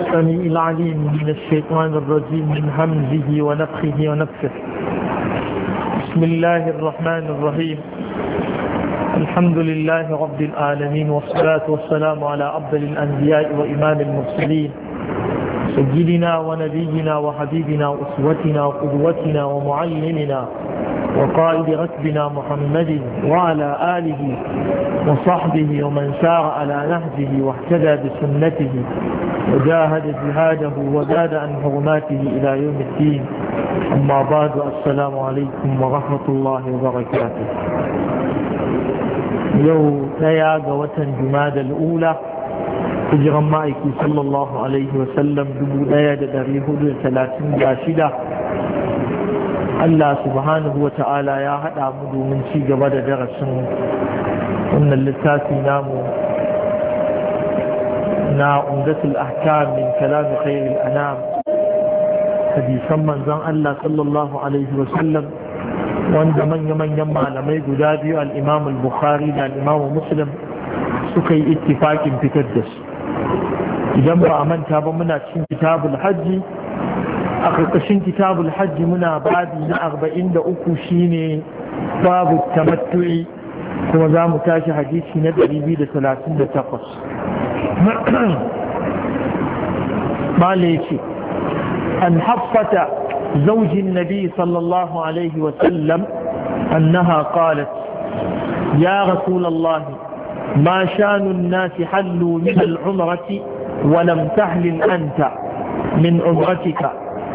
السميع العليم من الشيطان الرجيم من همزه ونفخه ونفسه بسم الله الرحمن الرحيم الحمد لله رب العالمين والصلاة والسلام على أفضل الأنبياء وإمام المرسلين سيدنا ونبينا وحبيبنا وأسوتنا وقدوتنا ومعلمنا وقائد غسبنا محمد وعلى آله وصحبه ومن سار على نهجه واهتدى بسنته وجاهد جهاده وزاد عن حرماته إلى يوم الدين أما بعد السلام عليكم ورحمة الله وبركاته يو تياغ وتن جماد الأولى صلى الله عليه hijiran ma'aiki sallallahu alaihi wasallam 1436 Allah subhanahu wa ta'ala ya haɗa mu domin ci gaba da darasin wannan littafi namu na umdatul ahkam min kalam khairil anam hadisan manzon Allah sallallahu alaihi wa sallam wanda manya-manyan malamai guda biyu al-Imam al-Bukhari da al-Imam Muslim suka yi ittifakin fitar da su idan ba a manta ba muna cikin kitabul hajji a ƙarƙashin kitabul hajji muna babi na arba'in da uku shine babu tamattu'i kuma za mu tashi hadisi na ɗari biyu da talatin da takwas malaiki an haffata zaujin nabi sallallahu alaihi wasallam annaha qalat ya rasulallahi ما شان الناس حلوا من العمرة ولم تحلل أنت من عمرتك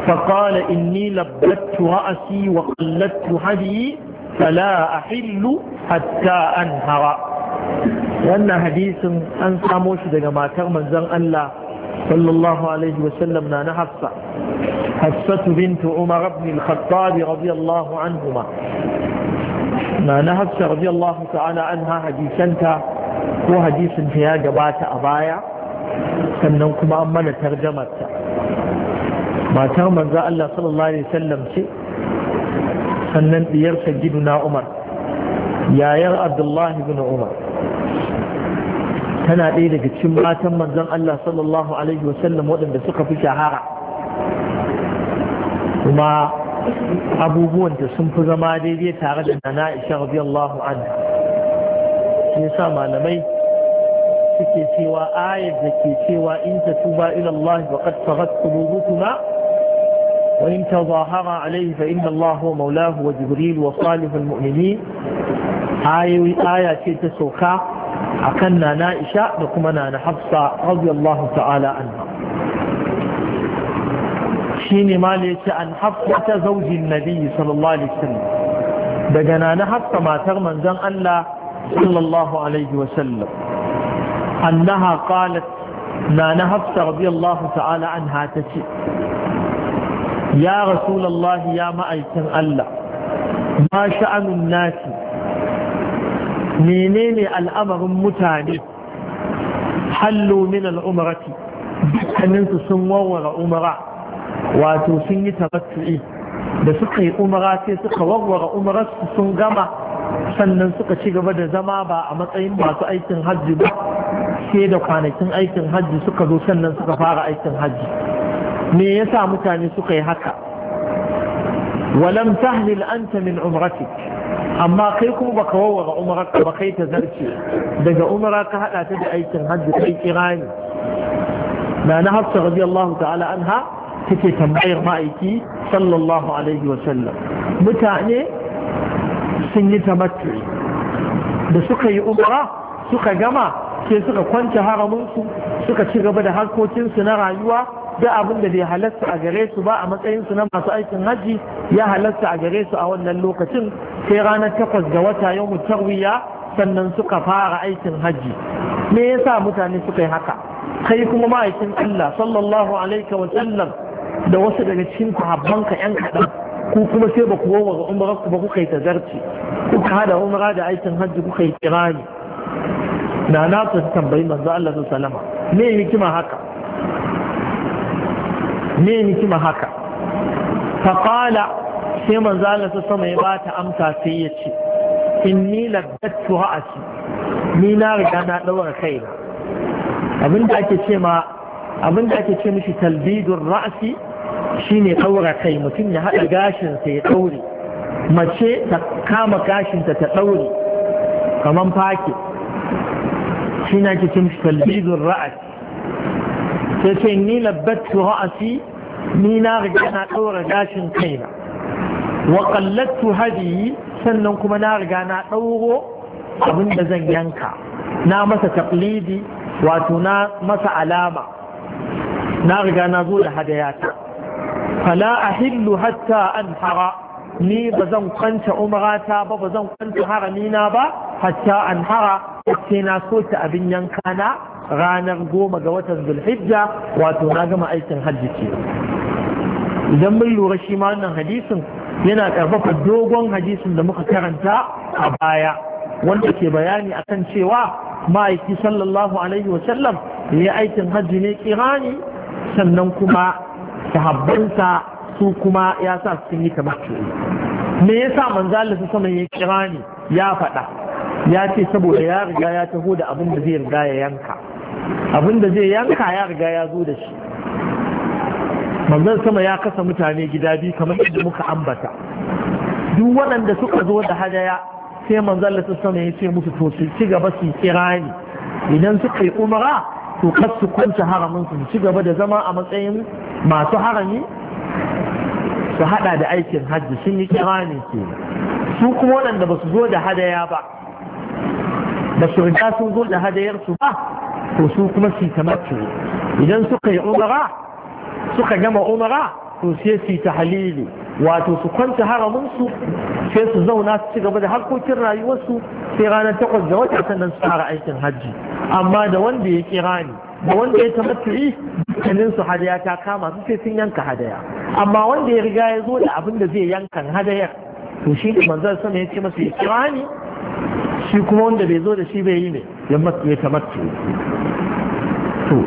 فقال إني لبت رأسي وقلدت هدي فلا أحل حتى أنهر وأن حديث أن ساموش دقما تغمى زن الله صلى الله عليه وسلم نانا حفصة حفصة بنت عمر بن الخطاب رضي الله عنهما نانا حفصة رضي الله تعالى عنها حديثا هو حديث فيها جبات أبايا sannan kuma an mana tarjamarta matar manzo Allah sallallahu alaihi wasallam ce sannan diyar na Umar yayar Abdullahi ibn Umar tana ɗaya daga cikin matan manzon Allah sallallahu alaihi wasallam waɗanda suka fi shahara kuma abubuwan da sun fi zama daidai tare da nana Aisha radiyallahu anha shi yasa malamai suke cewa ayar da ke cewa in ta tuba ila Allah wa qad qulubukuma وإن تظاهر عليه فإن الله هو مولاه وجبريل وصالح المؤمنين آية آية تسوكا أكنا نائشة لكمنا نحفصة رضي الله تعالى عنها شيني مالك أن حفصة زوج النبي صلى الله عليه وسلم دقنا نحفصة ما تغمن زن الله صلى الله عليه وسلم أنها قالت ما نحفصة رضي الله تعالى عنها تسي ya rasulallahi ya ma'aikin Allah ma sha'anun nasi menene al'amarin mutane hallu min al'umarati dukkaninsu sun warware umara wato sun yi tabattu'i da suka yi umara sai suka warware umararsu sun gama sannan suka ci gaba da zama ba a matsayin masu aikin hajji ba sai da kwanakin aikin hajji suka zo sannan suka fara aikin hajji me yasa mutane suka yi haka walam tahlil anta min umratik amma kai kuma baka wawara umarka ba kai ta zarce daga umra ka hada ta da aikin hajji kai kirani na na hafsa radiyallahu ta'ala anha take tambayar ma'aiki sallallahu alaihi wa sallam mutane sun yi tamattu da suka yi umara suka gama sai suka kwance haraminsu suka ci gaba da harkokinsu na rayuwa duk abin da bai halatta a gare su ba a matsayin su na masu aikin haji ya halatta a gare su a wannan lokacin sai ranar takwas ga wata yau tarwiya sannan suka fara aikin haji me yasa mutane suka yi haka kai kuma ma'aikin Allah sallallahu alaihi wa sallam da wasu daga cikin ka yan kaɗan ku kuma sai ba ku wawa umrar ku ba kuka yi tazarci kuka hada umra da aikin haji kuka yi kirani na na su tambayi manzo Allah sallallahu alaihi wa sallama me hikima haka me kima haka faqala sai manzala Allah ta sama ya ba ta amsa sai ya ce inni laddatu ra'asi ni na riga na kai kaina abinda ake ce ma abinda ake ce mishi talbidur ra'asi shine ɗaura kai mutum ya haɗa gashin sa ya daure mace ta kama gashin ta ta daure kaman fake shi na ke ce mishi talbidur ra'asi sai ce ni labbattu ra'asi ni na riga na ɗaura gashin kaina wa qallattu hadiyi sannan kuma na riga na ɗauro abinda zan yanka na masa taqlidi wato na masa alama na riga na zo da hadayata fala ahillu hatta anhara ni ba zan kwanta umarata ba ba zan kwanta haramina ba hatta an hara ce na so ta abin yanka na ranar goma ga watan zulhijja wato na gama aikin hajji ke idan mun lura shi ma wannan hadisin yana karfafa dogon hadisin da muka karanta a baya wanda ke bayani akan cewa ma'aiki sallallahu alaihi wasallam ya aikin hajji ne kirani sannan kuma sahabbansa su kuma ya sa sun yi kamar su me yasa manzala su sama ya kira ni ya faɗa ya ce saboda ya riga ya taho da abin da zai riga ya yanka abin da zai yanka ya riga ya zo da shi manzan sama ya kasa mutane gida biyu kamar yadda muka ambata duk waɗanda suka zo da hadaya sai manzon Allah sama ya ce musu to su ci gaba su kira ni idan suka yi umara to kar su kwanta haramin su ci gaba da zama a matsayin masu harami su hada da aikin hajji sun yi kira ne ke su kuma waɗanda ba su zo da hadaya ba ba su sun zo da hadayarsu ba to su kuma su tamattu idan suka yi umara suka gama umara to sai su ta halili wato su kwanta haraminsu sai su zauna su ci gaba da harkokin rayuwarsu sai ranar takwas ga wata sannan su fara aikin hajji amma da wanda ya kira ne da wanda ya tamattu'i dukkanin su hadaya ta kama su sai sun yanka hadaya amma wanda ya riga ya zo da abin da zai yankan hadayar to shi ne manzon sama ya ce masa ya kira ni shi kuma wanda bai zo da shi bai yi ne ya tamattu to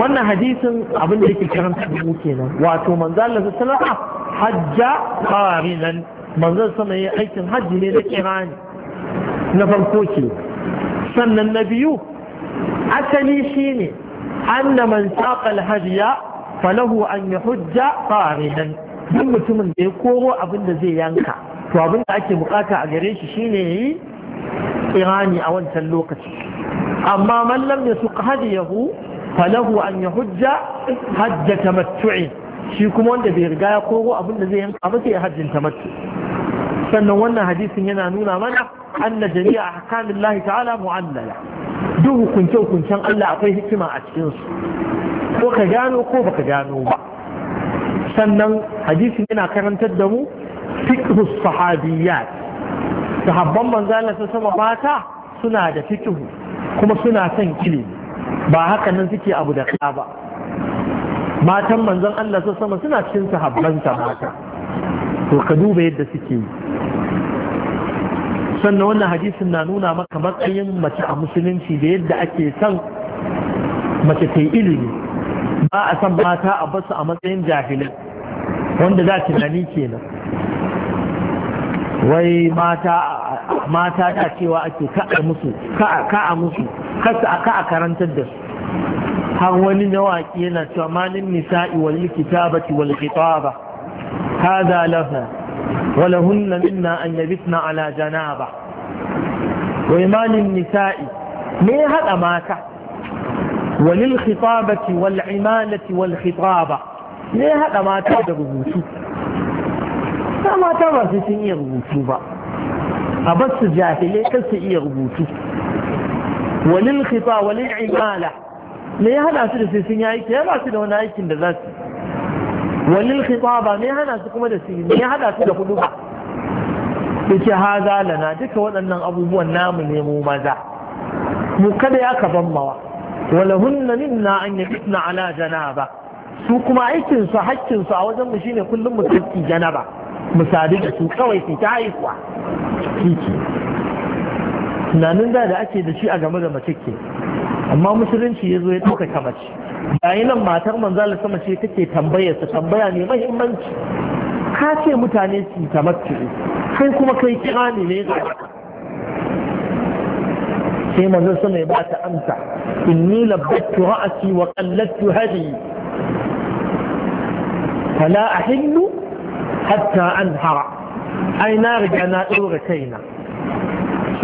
wannan hadisin abin da yake karanta da mu kenan wato manzo Allah sallallahu alaihi ah, hajja qarinan manzo sama ya aikin hajji ne da kirani na farko ke sannan na biyu asali shine anna man saqa al falahu an hujja qarinan duk mutumin da ya koro abin da zai yanka to abin da ake bukata a gare shi shine yi irani a wancan lokaci amma man lam suka hadiyahu falahu an yahujja hajja tamattu'i shi kuma wanda bai riga ya koro abin da zai yanka ba sai ya hajjin tamattu sannan wannan hadisin yana nuna mana anna jami'a ahkamillahi ta'ala mu'allala duk hukunce-hukuncen Allah akwai hikima a cikinsu ko ka gano ko baka gano ba sannan hadisi yana karantar da mu fiqhus sahabiyyat sahabban manzala ta sama mata suna da fikihu kuma suna son ilimi ba haka nan suke abu da ka ba matan manzon Allah ta sama suna cikin sahabban mata to ka duba yadda suke yi sannan wannan hadisin na nuna maka matsayin mace a musulunci da yadda ake son mace ta yi ilimi ba a san mata a basu a matsayin jahilai wanda za tunani kenan wai mata mata da cewa ake ka'a musu ka'a musu kasa karantar da su har wani mawaƙi yana cewa malin nisa'i wal kitabati wal khitaba hada lafa ولهن منا أن يبتن على جنابة وإيمان النساء ميها أماك وللخطابة والعمالة والخطابة ميها أماك ربوتو ما ترى في سنية ربوتو با أبس جاهلية كسئية ربوتو وللخطابة وللعمالة me ya في su da ما sun هنا aiki walil khitaba me hana su kuma da su me hada su da hudu ba yace haza lana duka waɗannan abubuwan namu ne mu maza mu kada ya ka ban mawa walahunna minna an yaqitna ala janaba su kuma aikin su su a wajen mu shine kullum mu tsaki janaba mu sadu da su kawai su ta haihuwa kiki tunanin da da ake da shi a game da mace ke amma musulunci ya zo ya ɗaukaka mace yayi nan matar manzo Allah sama ce take tambayar tambaya ne mahimmanci. ka ce mutane su tamattu kai kuma kai kira ne ne sai manzo sama ya ba ta amsa inni labbattu ra'asi wa qallattu hadi fala ahillu hatta anhara ai na riga na dora kaina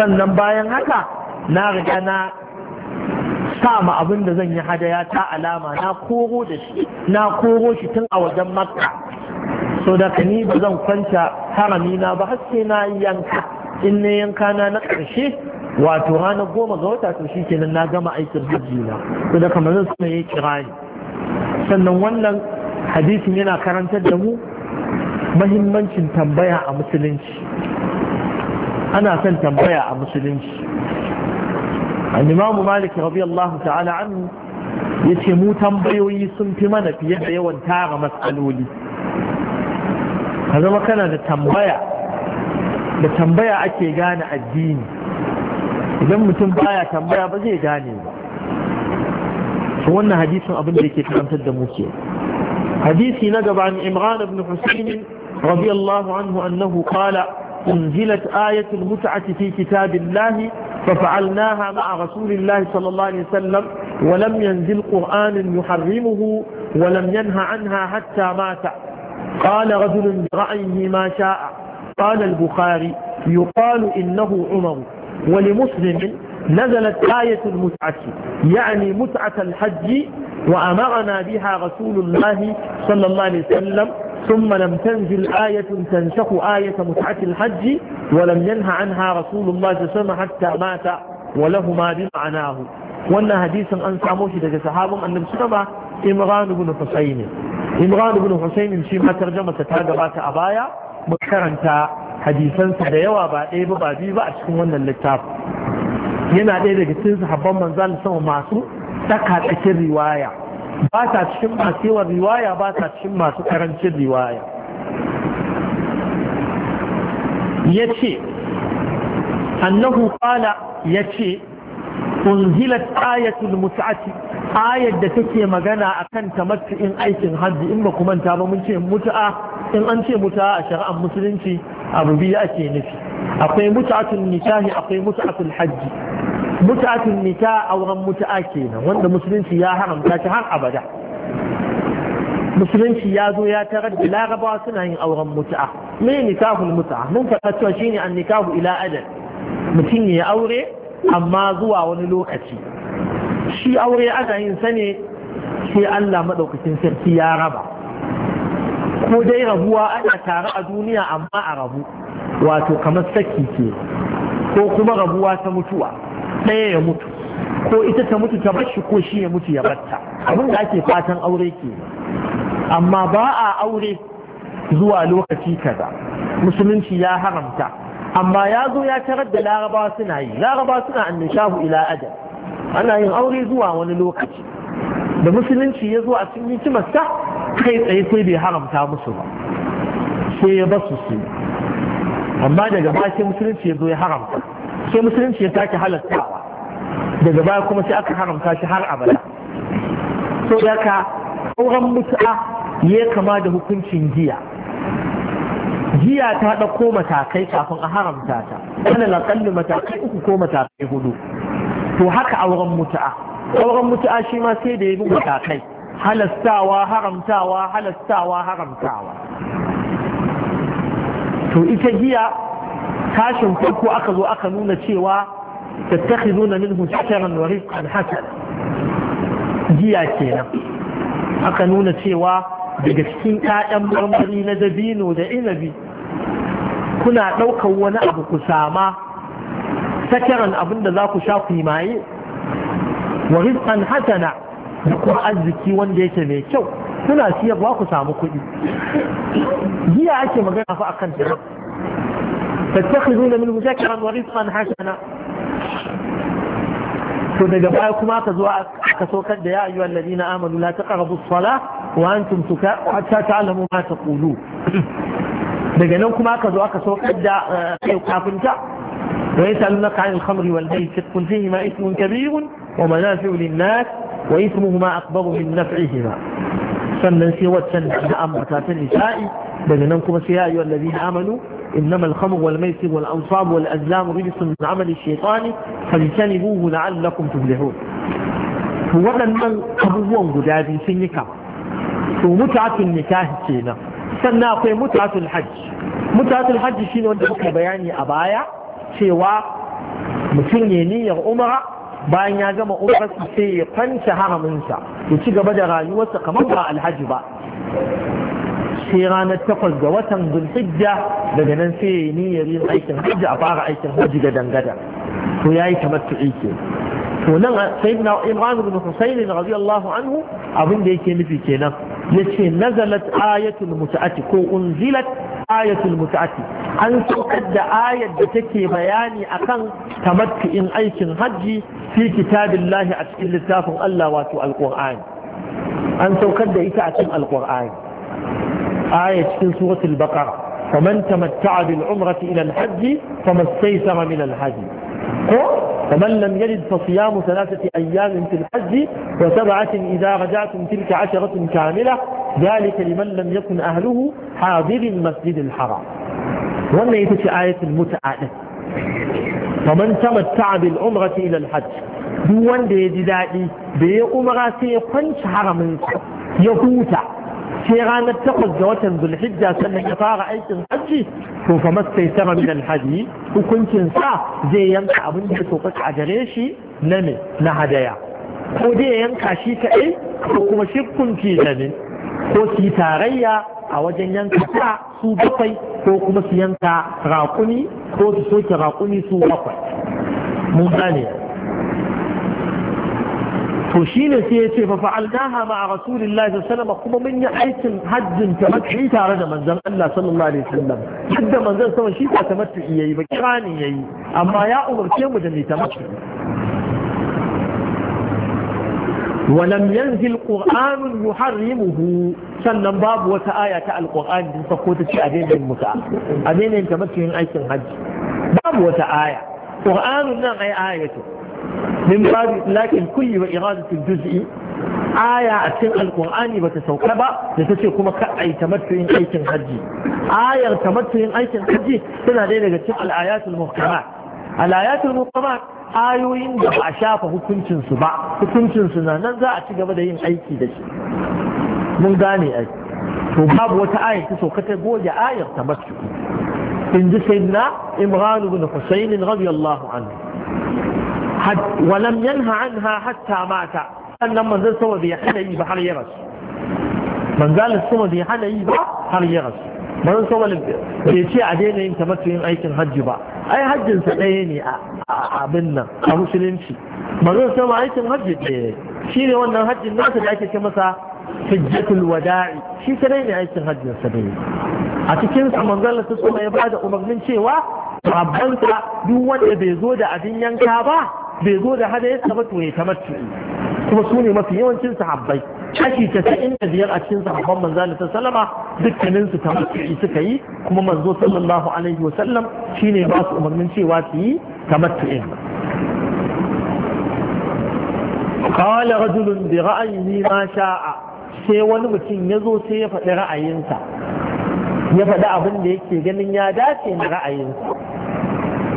sannan bayan haka na riga na sa ma abin da zan yi hadaya ta alama na koro da shi na koro shi tun a wajen makka so da ka ni ba zan kwanta harami ba haske na yanka in na yanka na na ƙarshe wato ranar goma ga wata to kenan na gama aikin hajji na so da kamar zan sanya yi kirani sannan wannan hadisin yana karantar da mu mahimmancin tambaya a musulunci ana son tambaya a musulunci الإمام مالك رضي الله تعالى عنه يتمو تنبيوي سنتمنا في يد يوان تاغ مسألولي هذا ما كان لتنبيع لتنبيع أكي قانع الدين إذن متنبيع تنبيع بزي قانعي فوانا حديث أبن ديكي كان تد موسيا حديثي نقب عن إمران بن حسين رضي الله عنه أنه قال انزلت آية المتعة في كتاب الله ففعلناها مع رسول الله صلى الله عليه وسلم ولم ينزل قرآن يحرمه ولم ينهى عنها حتى مات قال رجل برأيه ما شاء قال البخاري يقال إنه عمر ولمسلم نزلت آية المتعة يعني متعة الحج وأمرنا بها رسول الله صلى الله عليه وسلم ثم لم تنزل آية تنسخ آية متعة الحج ولم ينهى عنها رسول الله صلى الله عليه وسلم حتى مات ولهما بمعناه وأن حديثا أن ساموش دجا صحابهم أن نسمى إمران بن حسين إمران بن حسين شيما ترجمة تاجبات أبايا مكرنتا حديثا سديوا بعد بعدي بعد شكون اللتاب yana ɗaya daga cikin sahabban manzan sama masu tsaka tsakin riwaya ba ta cikin masu yawan riwaya ba ta cikin masu karancin riwaya ya ce annahu kala ya ce unzilat ayatul mus'ati ayar da take magana akan in aikin hajji in ba kuma ta ba mun ce mutu'a in an ce muta a shari'ar musulunci abu biyu ake nufi akwai muta'atul nikahi akwai muta'atul hajji mutatin nika auren mut'a kenan wanda musulunci ya haramta shi har abada musulunci ya zo ya tarar da larabawa suna yin auren mutu'a me nikahul mutu'a mun faɗa cewa shine an nikahu ila adad mutum ya aure amma zuwa wani lokaci shi aure ana yin sa ne sai Allah madaukakin sarki ya raba ko dai rabuwa ana tare a duniya amma a rabu wato kamar saki ke ko kuma rabuwa ta mutuwa ɗaya ya mutu ko ita ta mutu ta bar shi ko shi ya mutu ya batta abin da ake fatan aure ke amma ba a aure zuwa lokaci kaza musulunci ya haramta amma ya zo ya tarar da laraba suna yi laraba suna shahu ila ajal ana yin aure zuwa wani lokaci da musulunci ya zo a cikin hikimarsa kai tsaye sai bai haramta musu ba sai ya basu su amma daga bakin musulunci ya zo ya haramta sai musulunci ya sake halattawa daga baya kuma sai aka haramta shi har abada so daga auren mutu'a ya kama da hukuncin giya giya ta ɗauko matakai kafin a haramta ta ana laƙalli matakai uku ko matakai hudu to haka auren mutu'a auren mutu'a shi ma sai da ya bi matakai halastawa haramtawa halastawa haramtawa to ita giya kashin farko aka zo aka nuna cewa nuna minhu sakaran wa rizqan hasana giya kenan aka nuna cewa daga cikin ƴaƴan marmari na dabino da inabi kuna ɗaukar wani abu ku sama sakaran abin da za ku sha ku yi maye wa rizqan hasana da kuma arziki wanda yake mai kyau kuna siyarwa ku samu kuɗi giya ake magana fa akan tarar تتخذون منه ذكرا ورزقا حسنا كنت جبائكم اعتزوا كسوكا يا ايها الذين امنوا لا تقربوا الصلاه وانتم سكاء حتى تعلموا ما تقولون دجنكم اعتزوا كسوكا يا كافنتا ويسالونك عن الخمر والبيت قل فيهما اثم كبير ومنافع للناس واثمهما اكبر من نفعهما فمن سوى التنس امر كافر نسائي دجنكم يا ايها الذين امنوا إنما الخمر والميسر والأنصاب والأزلام رجس من عمل الشيطان فاجتنبوه لعلكم تفلحون waɗannan abubuwan guda biyu sun yi kama to mutatun nikahi kenan sannan akwai mutatul hajji mutatul hajji shine wanda muka bayani a baya cewa mutum ya niyyar umara bayan ya gama umarsa sai ya kwanta haraminsa ya ci gaba da rayuwarsa kamar ba alhaji ba sai ranar takwas ga watan zulhijja daga nan sai ya niyyar yin aikin hajji a fara aikin hajji ga dangada to ya yi tamattu'i ke to nan sayyidina imran bin husayn radiyallahu anhu abin da yake nufi kenan yace nazalat ayatul mutaati ko unzilat ayatul mutaati an saukar da ayat da take bayani akan tamattu'in aikin hajji fi kitabillahi a cikin littafin Allah wato alqur'ani an saukar da ita a cikin alqur'ani آية في سورة البقرة فمن تمتع بالعمرة إلى الحج فما استيسر من الحج فمن لم يجد فصيام ثلاثة أيام في الحج وسبعة إذا رجعتم تلك عشرة كاملة ذلك لمن لم يكن أهله حاضر المسجد الحرام وأن يتشي آية المتعة فمن تمتع بالعمرة إلى الحج دوان دي جدائي بي أمرا سيقنش حرم يقوتا sai ranar takwas ga watan zulhijja sannan ya fara aikin hajji to fa masai sama min alhaji hukuncin sa zai yanka abin da ya a gare shi na me na hadaya ko dai ya yanka shi kaɗai ko kuma shirkunci ke da ne ko su tarayya a wajen yanka sa su bakwai ko kuma su yanka raƙumi ko su soke raƙumi su bakwai mun gane to shi ne sai ya ce fa fa'alnaha ma a rasulillah alaihi wasallam kuma mun yi aikin hajjin tamattu tare da manzan Allah sallallahu alaihi wasallam hadda manzan sama shi ta tamattu yayi ba kirani yayi amma ya umarce mu da mu tamattu ولم ينزل قرآن يحرمه sannan babu wata aya ta alƙur'ani din sako ta ce a daina yin muta a daina yin aikin hajji babu wata aya nan min babu itlaqil kulli wa iradatil juz'i aya a cikin alkur'ani bata sauka ba da ta ce kuma ka ai tamattuyin aikin hajji ayar tamattuyin aikin hajji tana daya daga cikin ayoyin da ba a shafa hukuncinsu ba Hukuncinsu na nan za a ci gaba da yin aiki da shi mun gane aiki. to babu wata ayar ta sauka ta goge ayar tamattu in ji sayyidina imran ibn husayn radiyallahu anhu ولم ينه عنها حتى مات أن من ذا سوى ذي حلي بحر يرس من قال سوى ذي حلي بحر يرس من سوى يتي عدين إن تمتعين أي كان حج با أي حج سنيني أبنا أمسلم شي من سوى أي كان حج شيني وانا حج الناس اللي أكي كمسا حجة الوداع شي سنيني أي كان حج سنيني أتكلم عن من قال سوى يبعد أمر من شيء وابنsa duk wanda bai zo da abin yanka ba bai zo da ya ba to ya tamattu kuma su ne mafi yawancin sahabbai kashi casa'in da biyar a cikin sahabban manzo da sallama dukkanin su tamattu suka yi kuma manzo sallallahu alaihi wasallam shine ba su umarnin cewa su yi tamattu'in قال رجل برأيه ما sha'a. sai wani mutum ya zo sai ya faɗi ra'ayinsa ya faɗi abin da yake ganin ya dace da ra'ayinsu.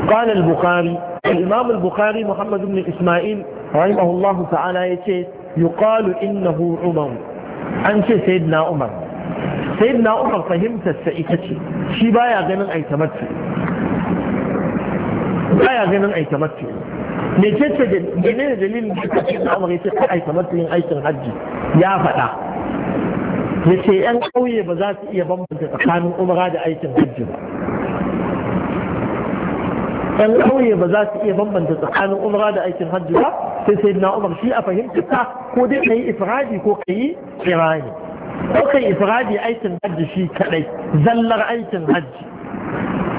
قال البخاري الإمام البخاري محمد بن إسماعيل رحمه الله تعالى يتي يقال إنه عمر أنت سيدنا عمر سيدنا عمر فهمت السئتك شي بايا غنن أي تمثل بايا غنن أي تمثل ميتت جنين دليل سيدنا عمر يتي أي تمثل أي تنهجي يا فتاة yace 'yan ƙauye ba za su iya bambanta tsakanin umara da aikin hajji ba ɗan ƙauye ba za su iya bambanta tsakanin umra da aikin hajji ba sai sai na umar shi a fahimci ta ko dai yi ifradi ko yi kirani ko kai ifradi aikin hajji shi kadai zallar aikin hajji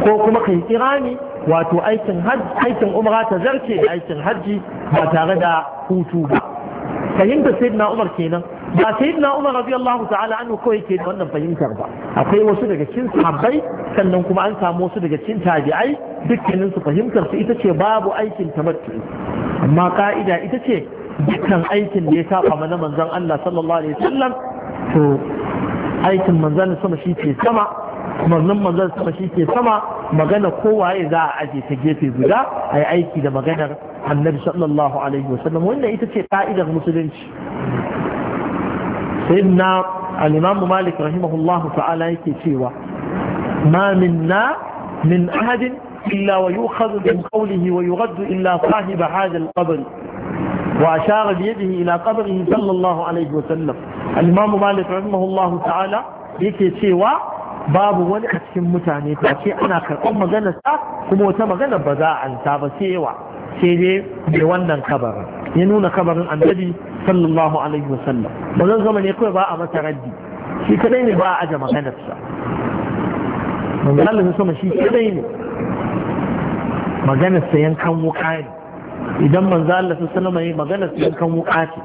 ko kuma yi kirani wato aikin hajji aikin umra ta zarce aikin hajji ba tare da hutu ba fahimta sai na umar kenan ba sai na umar radiyallahu ta'ala anu kawai ke da wannan fahimtar ba akwai wasu daga cikin sahabbai sannan kuma an samu wasu daga cikin tabi'ai dukkanin su fahimtar su ita ce babu aikin tamattu amma ka'ida ita ce dukkan aikin da ya saba mana manzon Allah sallallahu alaihi wasallam to aikin manzon sama shi ke sama manzon manzon sama shi ke sama magana kowaye za a aje ta gefe guda ai aiki da maganar annabi sallallahu alaihi wasallam wannan ita ce ka'idar musulunci sayyidina al-imam malik rahimahullahu ta'ala yake cewa ma minna min ahadin إلا ويؤخذ من قوله ويرد إلا صاحب هذا القبر وأشار بيده إلى قبره صلى الله عليه وسلم الإمام مالك رحمه الله تعالى yake cewa babu wani a cikin mutane ta ce ana karɓar sa kuma wata maganar ba za a ba cewa yawa sai dai mai wannan kabarin ya nuna kabarin annabi sallallahu alaihi wa wasallam wannan zama ne kawai ba a masa raddi shi kadai ne ba a aje maganarsa manzon Allah sama shi kadai ne maganar sa yankan wuka ne idan manzo Allah sallallahu alaihi wasallam maganar sa yankan wuka ce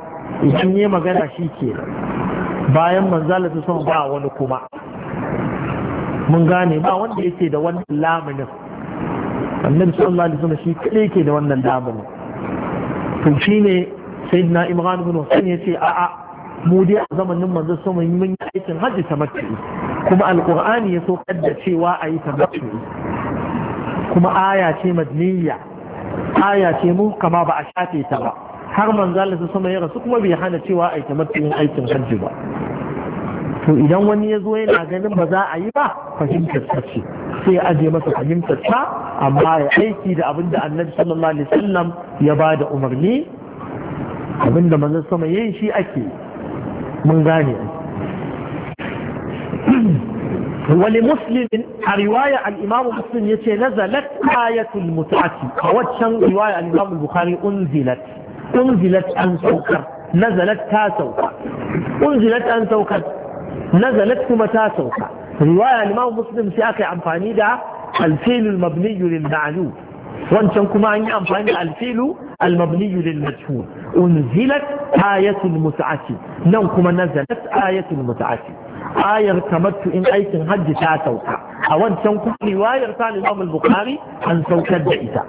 idan yi magana shi ke bayan manzo Allah sallallahu ba wani kuma mun gane ba wanda yake da wannan lamunin annabi sallallahu alaihi wasallam shi kadai ke da wannan lamunin to shine na imran ibn ya ce a a mu dai a zamanin manzo so mun mun aikin hajji ta kuma alqur'ani ya so kadda cewa ayi tamattu kuma aya ce madniya aya ce mu kama ba a shafe ta ba har manzo sama ya rasu kuma bai hana cewa ayi tamattu aikin hajji ba to idan wani ya zo yana ganin ba za a yi ba fahimtar ta ce sai ya aje masa fahimtar ta amma ya aiki da abin da annabi sallallahu alaihi wasallam ya ba da umarni abin da manzon sama yin shi ake mun gane wani muslimin a riwaya al'imamu muslim ya ce nazalat ayatul mutu'ati a waccan riwaya al'imamu bukhari unzilat unzilat an saukar nazalat ta sauka unzilat an saukar nazalat kuma ta sauka riwaya limam muslim sai aka yi amfani da alfilul mabniyu lil ma'lum wancan kuma an yi amfani da alfilu المبني للمجهول أنزلت آية المتعة نن كما نزلت آية المتعة آية تمت إن أيت حج تا سوكا أوان تنكم رواية تان الإمام البخاري أن سوكا دئتا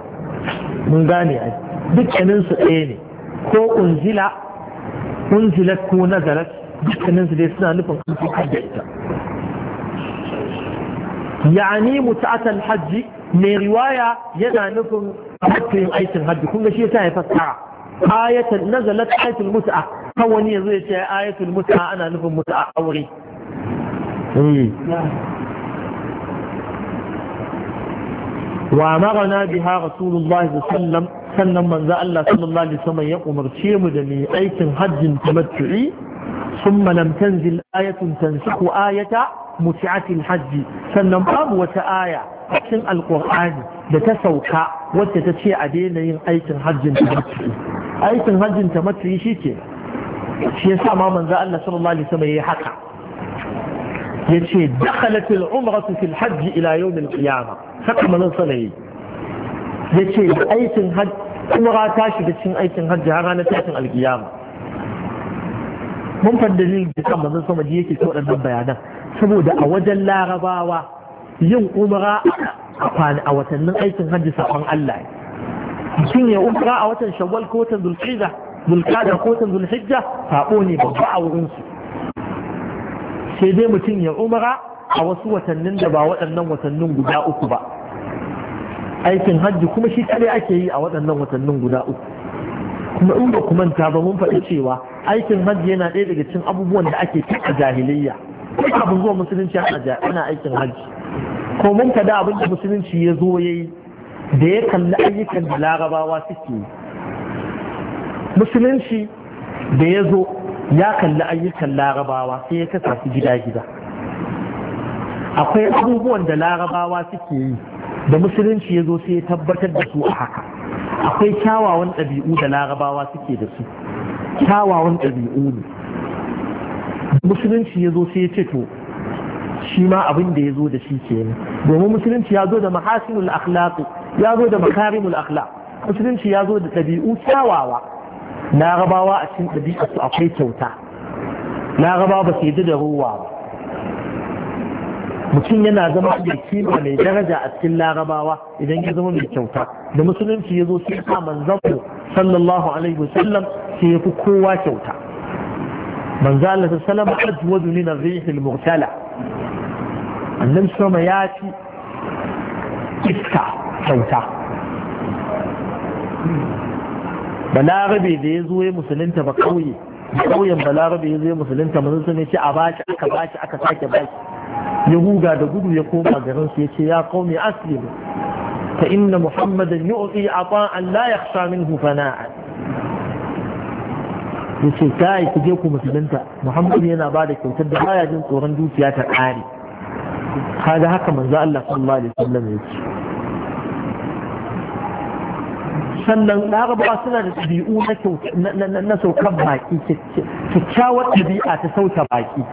من غاني أي دك أننس أيني كو أنزل أنزلت كو نزلت dukkanin su dai suna nufin an fi ya'ani yani hajji mai riwaya yana nufin mutumin aikin hajji kun ga shi ta haifar tsara ayatul nazalat ayatul mut'a kan wani yanzu ya ce ayatul mut'a ana nufin mut'a aure eh. Wa marana biha الله صلى الله عليه وسلم سلم من ذا الله صلى الله عليه وسلم يقوم رشيم دمي ثم لم تنزل آية تنسخ آية متعة الحج سننباب وتآية أكسن القرآن لتسوكا وتتشيء عدين آية حج تمتعي آية حج تمتعي شيكي شيسا ما من ذا الله صلى الله عليه وسلم يحكى يشي دخلت العمرة في الحج إلى يوم القيامة حكما نصلي يشي آية حج عمرة تاشي بتشين آية حج هرانا تاشي القيامة mun fanda zai da kan manzon sama ji yake waɗannan bayanan saboda a wajen larabawa yin umara a watannin aikin hajji sakon Allah mutum ya umra a watan shawwal ko watan zulhijja zulqada ko watan zulhijja sabo ne babba a wurinsu. sai dai mutum ya umara a wasu watannin da ba waɗannan watannin guda uku ba aikin hajji kuma shi kare ake yi a waɗannan watannin guda uku kuma in ba ku manta ba mun faɗi cewa aikin hajji yana ɗaya daga cikin abubuwan da ake fi a jahiliyya ko abin zuwa musulunci ana aikin hajji ko mun da abin da musulunci ya zo ya yi da ya kalli ayyukan da larabawa suke yi musulunci da ya zo ya kalli ayyukan larabawa sai ya kasa su gida-gida akwai abubuwan da larabawa suke yi da musulunci ya zo sai ya tabbatar da su a haka akwai kyawawan ɗabi'u da larabawa suke da su kyawawan ɗabi'u ne musulunci ya zo sai ya ce to shi ma abin da ya zo da shi ke domin musulunci ya zo da mahasinul akhlaq ya zo da makarimul akhlaq musulunci ya zo da ɗabi'u kyawawa larabawa a cikin su akwai kyauta larabawa ba su yi da ruwa ba mutum yana zama mai kima mai daraja a cikin larabawa idan ya zama mai kyauta da musulunci ya zo sai ka manzon sallallahu alaihi wasallam sai ya fi kowa kyauta manzo Allah sallallahu alaihi wasallam ajwadu min ar-rih al-mughtala annabi sama ya ci iska kyauta balarabe da ya zo ya musulunta ba kauye kauyen balarabe ya zo ya musulunta manzo sun ce a baki aka baki aka sake baki. ya huga da gudu ya koma garin su yace ya qaumi aslimu fa inna muhammadan yu'ti ata'an la yakhsha minhu fana'an yace kai ku je ku musulunta muhammad yana ba da kyautar da baya jin tsoron dukiya ta kare kaga haka manzo Allah sallallahu alaihi wasallam yace sannan larabawa suna da ɗabi'u na saukan baki kyakkyawar ɗabi'a ta sauta baki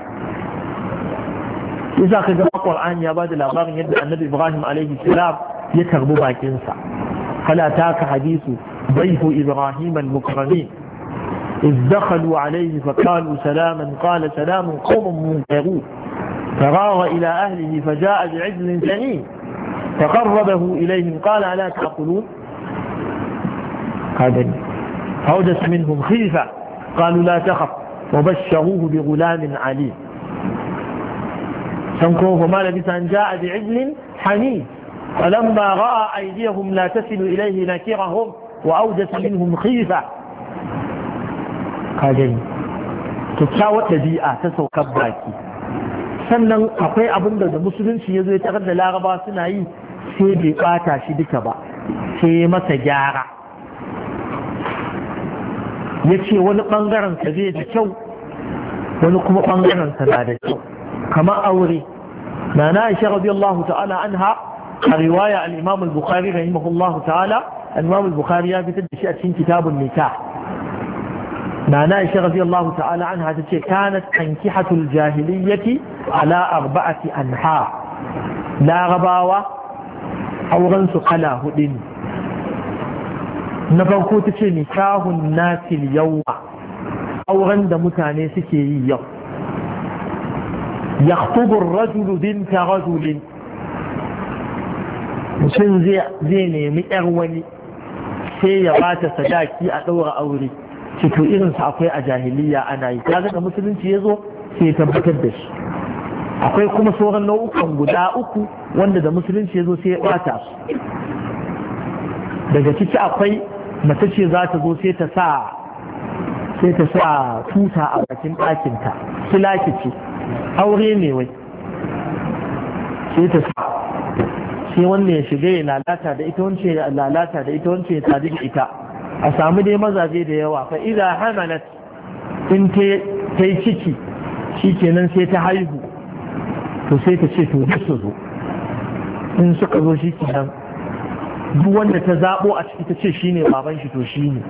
إذا za ka القرآن يا ya ba da labarin yadda annabi ibrahim alaihi salam ya karbi bakinsa fala ta ka hadisu baihu ibrahim al إذ دخلوا عليه فقالوا سلاما قال سلام قوم منكرون فراغ إلى أهله فجاء بعجل سليم فقربه إليهم قال ألا تعقلون هذا فوجس منهم خيفة قالوا لا تخف وبشروه بغلام عليم تنكوه ما لبس أن جاء بعجل حنيف فلما رأى أيديهم لا تصل إليه نكرهم وأوجس منهم خيفة قالين تتشاوى تبيئة تسو كباكي sannan akwai abin da musulunci ya zo ya tarar da laraba suna yi sai bai bata shi duka ba sai ya masa gyara ya ce wani ɓangaren sa zai da kyau wani kuma ɓangaren sa na da kyau kamar aure na na aisha radiyallahu ta'ala anha a riwaya al-imam al-bukhari rahimahullahu al-imam al ya fitar da shi a cikin kitabun nikah na na aisha radiyallahu ta'ala anha tace kanat tankihatul jahiliyyati ala arba'ati anha larabawa auren su kala hudu ne na farko tace nikahun nasil yawma auren da mutane suke yi yau يخطب الرجل بنت رجل mutum zai nemi ‘yar wani sai ya ba ta sadaki a ɗaura aure cito irinsa akwai a jahiliya ana yi ta da musulunci ya zo sai ya tabbatar da shi akwai kuma sauran nau'ukan guda uku wanda da musulunci ya zo sai ya ɓata su daga ciki akwai mace ce za ta zo sai ta sa sai ta sa tuta a bakin ɗakinta kilaki ce aure ne wai sai ta sai ya shiga ya lalata da ita wance ya lalata da ita wance ya sadu da ita a samu dai mazaje da yawa fa iza hamalat in ta yi ciki shi kenan sai ta haihu to sai ta ce to su zo in suka zo shi kenan duk wanda ta zabo a ciki ta ce ne baban shi to ne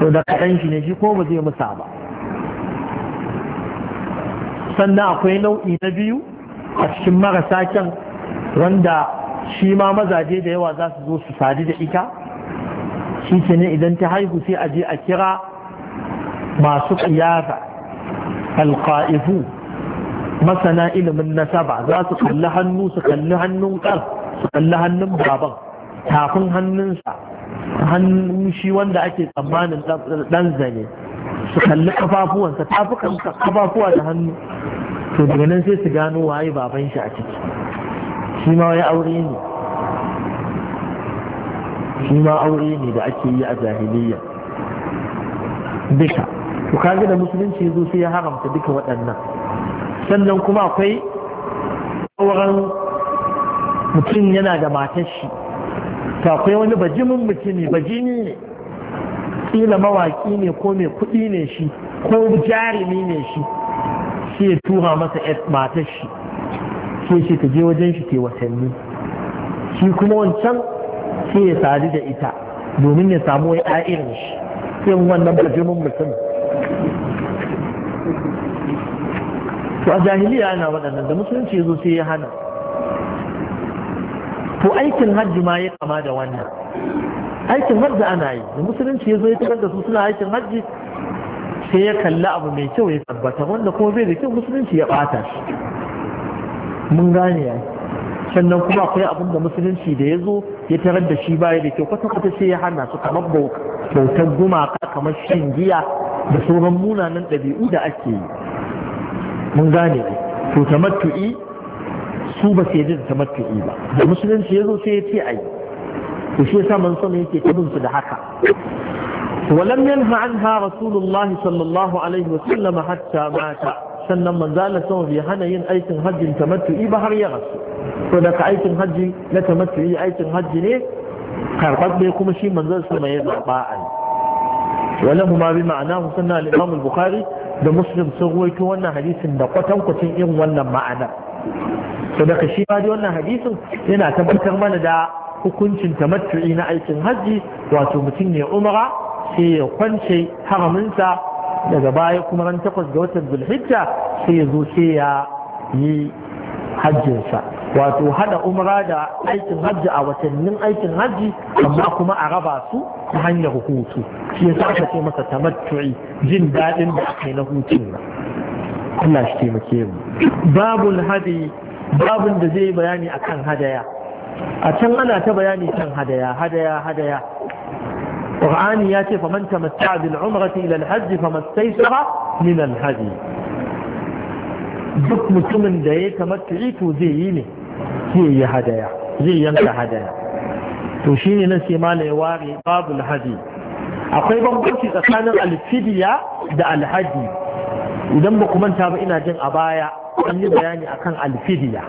to da kadan shi ne shi ko ba zai musa ba sannan akwai nau'i na biyu a cikin marasa kyan wanda shi ma mazaje da yawa za su zo su sadu da ita shi ke ne idan ta haihu sai a je a kira masu ƙiyasa alƙa'ifu masana ilimin nasaba za su kalli hannu su kalli hannun ƙar su kalli hannun baban tafin hannunsa hannun shi wanda ake tsammanin ɗan zane su kalli kafafuwansa tafukan kafafuwa da hannu to daga nan sai su gano waye baban shi a ciki shi ma ya aure ne shi ma aure ne da ake yi a jahiliya duka to kaga da musulunci zo sai ya haramta duka waɗannan sannan kuma akwai auren mutum yana da matar shi to akwai wani bajimin mutumi bajini ne kila mawaki ne ko mai kuɗi ne shi ko jarumi ne shi sai ya tura masa matar shi sai shi ta je wajen shi ke watanni shi kuma wancan sai ya sadu da ita domin ya samu wai a irin shi sai wannan bajimin mutum to a jahiliya ana waɗannan da musulunci ya zo sai ya hana to aikin hajji ma ya kama da wannan aikin hajji ana yi da musulunci ya zo ya tarar da su suna aikin hajji sai ya kalli abu mai kyau ya tabbata wanda kuma bai da kyau musulunci ya bata shi mun gane ya sannan kuma akwai abin da musulunci da ya zo ya tarar da shi baya da kyau kwata-kwata sai ya hana su kamar bautar gumaka kamar shan giya da sauran munanan ɗabi'u da ake yi mun gane to tamattu'i su ba su yadda da tamattu'i ba da musulunci ya zo sai ya ce a yi to shi yasa man sama yake tabin da haka ولم ينه عنها رسول الله صلى الله عليه وسلم حتى مات sannan manzala sama bai hana yin aikin hajjin tamattu'i ba har ya rasu to daga aikin hajji na tamattu'i aikin hajji ne karɓaɓɓe kuma shi manzon sama ya zaɓa a yi walahu ma'ana bukhari da muslim sun ruwaito wannan hadisin da kwatankwacin irin wannan ma'ana to daga shi ma dai wannan hadisin yana tabbatar mana da hukuncin tamattu'i na aikin hajji wato mutum ne umara sai ya kwance haraminsa daga baya kuma ran takwas ga watan zulhijja sai ya zo sai ya yi hajjinsa wato hada umara da aikin hajji a watannin aikin hajji amma kuma a raba su ta hanyar hutu shi ya aka ce masa tamattu'i jin daɗin da aka yi na hutun nan Allah shi taimake mu babul hadi babun da zai bayani akan hadaya a can ana ta bayani kan hadaya hadaya hadaya qur'ani ya ce faman tamatta'a bil umrati ila al hajj famastaysara min al hadi duk mutumin da ya tamatta'i to zai yi ne zai yi hadaya zai yanka hadaya to shine nan sai malai ya ware babu hadi akwai bambanci tsakanin alfidiya da alhaji idan ba kuma manta ba ina jin a baya an yi bayani akan alfidiya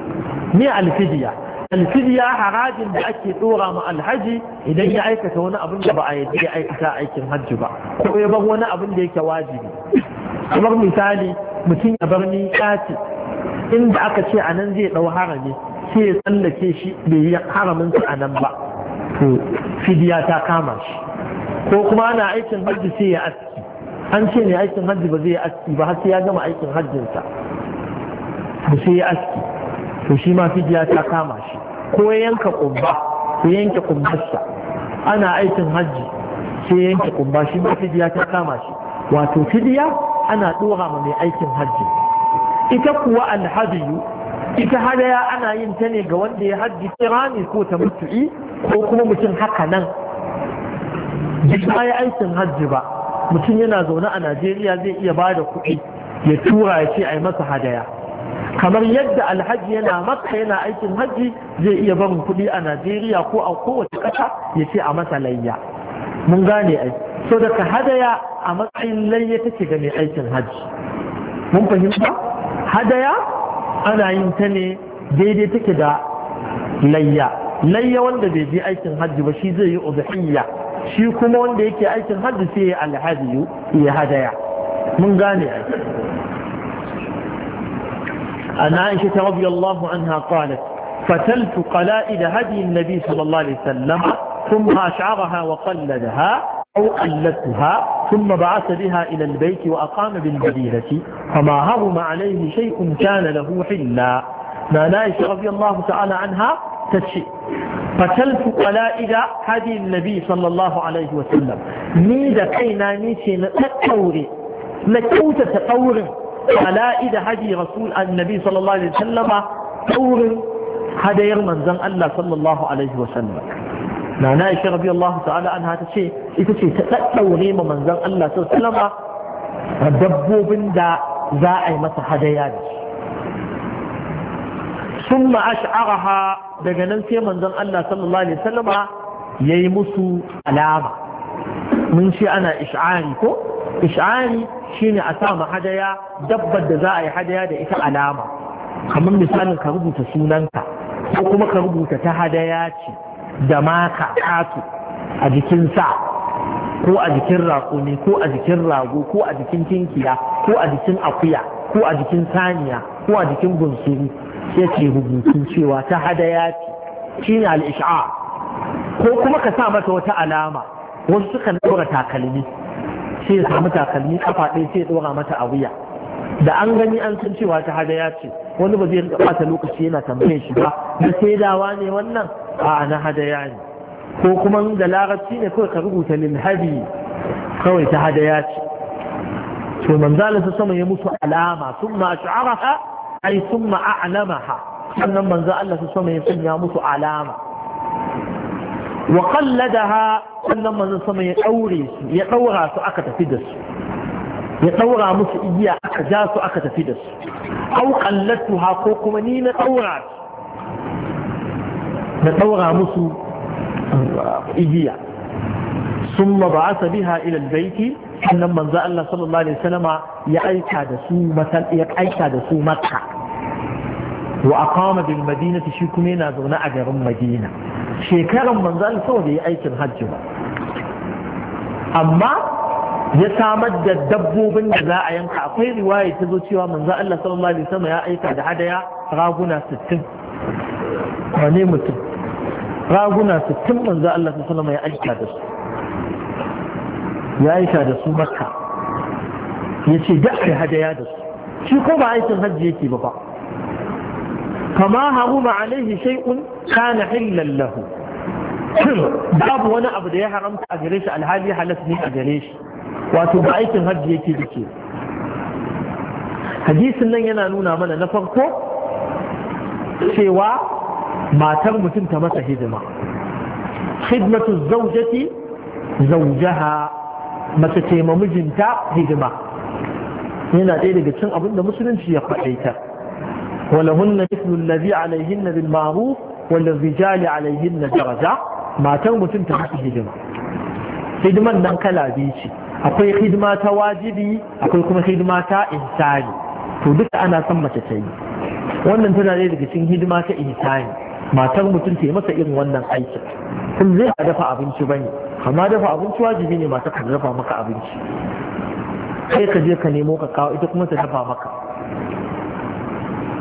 me alfidiya alfidiya harajin da ake dora ma alhaji idan ya aikata wani abin da ba a yi ya aikata aikin hajji ba ko ya bar wani abin da yake wajibi kamar misali mutum ya bar miƙati inda aka ce a nan zai ɗau harami sai ya tsallake shi bai yi haramin a nan ba to fidiya ta kama shi ko kuma ana aikin hajji sai ya aski an ce ne aikin hajji ba zai aski ba har sai ya gama aikin hajjinsa ba sai ya aski to shi ma fidiya ta kama shi ko yanka ko yanke ƙumbarsa ana aikin hajji sai yanke ƙumba shi ma fidiya ta kama shi wato fidiya ana ɗora ma mai aikin hajji ita kuwa alhadiyu ita hadaya ana yin ta ne ga wanda ya hajji kirani ko ta mutu'i ko kuma mutum haka nan ba ya aikin hajji ba mutum yana zaune a najeriya zai iya ba da kuɗi ya tura ya ce a yi masa hadaya kamar yadda alhaji yana maka yana aikin haji zai iya barin kuɗi a najeriya ko a kowace ƙasa ya ce a masa layya mun gane ai so daga hadaya a matsayin layya take ga mai aikin haji mun fahimta hadaya ana yin ta ne daidai take da layya layya wanda bai je aikin haji ba shi zai yi ubahiyya shi kuma wanda yake aikin haji sai ya alhaji ya hadaya mun gane ai عن عائشة رضي الله عنها قالت فتلت قلائد هدي النبي صلى الله عليه وسلم ثم أشعرها وقلدها أو قلدتها ثم بعث بها إلى البيت وأقام بالمدينة فما هرم عليه شيء كان له حلا ما نعم، عائشة رضي الله تعالى عنها تشيء فتلت قلائد هدي النبي صلى الله عليه وسلم نيدا كينا ميشي نتكوري نكوتة تقوري ala'i da hadi rasul annabi sallallahu alaihi wasallama daurin hadayar manzon Allah sallallahu alaihi wasallam na na Aisha radiyallahu ta'ala anha ta ce ita ce ta daddaure ma manzon Allah sallallahu alaihi wasallama dabbobin da za a yi masa hadaya da shi ثم أشعرها دجنان في منزل الله صلى الله عليه وسلم يمس علامة من شيء أنا إشعاري كو ish'ari shine a sa ma hadaya dabbar da za a yi hadaya da ita alama kamar misalin ka rubuta sunanka ko kuma ka rubuta ta hadaya ce da maka katu a jikin sa ko a jikin ne ko a jikin rago ko a jikin tinkiya ko a jikin akuya ko a jikin saniya ko a jikin gunsuru ya ce rubutun cewa ta hadaya ce shine al ko kuma ka sa mata wata alama wasu sukan ɗora takalmi sai ya samu takalmi kafa ɗaya sai ya ɗora mata a wuya da an gani an san cewa ta hadaya ce wani ba zai ɓata lokaci yana tambaye shi ba na saidawa ne wannan a na hadaya ne ko kuma da larabci ne kawai ka rubuta lil hadi kawai ta ya ce to manzala su sama ya mutu alama summa ash'araha ay summa a'lamaha sannan manzo Allah sama ya sanya musu alama wa qalladaha sannan manzon sama ya daure su ya daura su aka tafi da su ya daura musu igiya aka ja su aka tafi da su aw qallatuha ko kuma ni na daura na daura musu uh, igiya ثم بعث بها إلى البيت sannan manzo Allah sallallahu alaihi wasallama ya aika da su ya aika da su makka wa aqama bil madinati shi kuma yana zaune a garin madina shekaran manzo Allah saboda yayi aikin hajji ba amma ya samar da dabbobin da za a yanka akwai riwaya ta zo cewa manzo Allah sallallahu alaihi wasallam ya aika da hadaya raguna 60 wane mutum raguna 60 manzo Allah sallallahu alaihi wasallam ya aika da su ya aika da su makka ya ce da hadaya da su shi ko ba aikin hajji yake ba ba فما هرم عليه شيء كان حلا له babu wani abu da ya haramta a gare shi alhali halas ne a gare shi wato ba aikin hajji yake da ke hadisin nan yana nuna mana na farko cewa matar mutum ta masa hidima khidmatu zaujati zaujaha mace ce mijinta hidima yana ɗaya daga cin abin da musulunci ya faɗaita ولهن مثل الذي عليهن بالمعروف وللرجال عليهن درجة ما تنمو تمتع هدمة هدمة ننقل بيشي akwai hidima ta wajibi akwai kuma hidima ta insani to duka ana san mace ta yi wannan tana ɗaya daga cikin hidima ta insani matar mutum ta masa irin wannan aikin kun zai ba dafa abinci bane amma dafa abinci wajibi ne matar ka dafa maka abinci kai ka je ka nemo ka kawo ita kuma ta dafa maka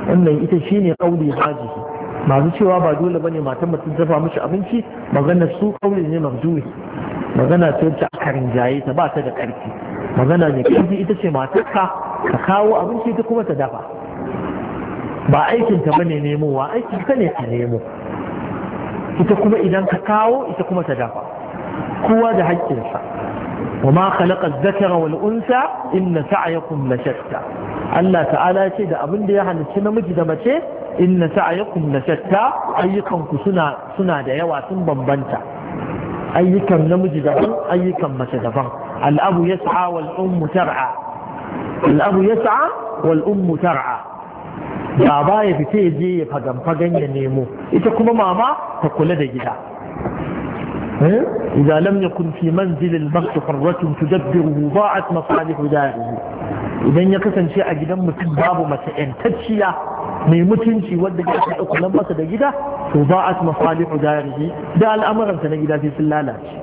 wannan ita shi ne kauli rajihi masu cewa ba dole bane matan mutum dafa mishi abinci magana su kauli ne marjuhi magana ce ta akarin jaye ta ba ta da ƙarfi magana ne ƙarfi ita ce matarka ka kawo abinci ta kuma ta dafa ba aikinta bane nemowa aikin ka ne ta nemo ita kuma idan ka kawo ita kuma ta dafa kowa da haƙƙinsa وما wal'unsa, الذكر والأنثى إن سعيكم لشتى Allah ta'ala ya ce da abin da ya halarci namiji da mace inna sa'ayakum la shatta ayyukanku suna da yawa sun bambanta ayyukan namiji daban ayyukan mace daban al'abu yas'a wal ummu tar'a al'abu yas'a wal ummu tar'a ya je ya fagan fagan ya nemo ita kuma mama ta kula da gida إذا لم يكن في منزل المرء حرة تدبره ضاعت مصالح داره إذا يكسن شيء أجدا مثل باب تدشيا mai mutunci wanda ya ta ɗauka nan masa da gida to ba a masalihu darihi na gida sai sun lalace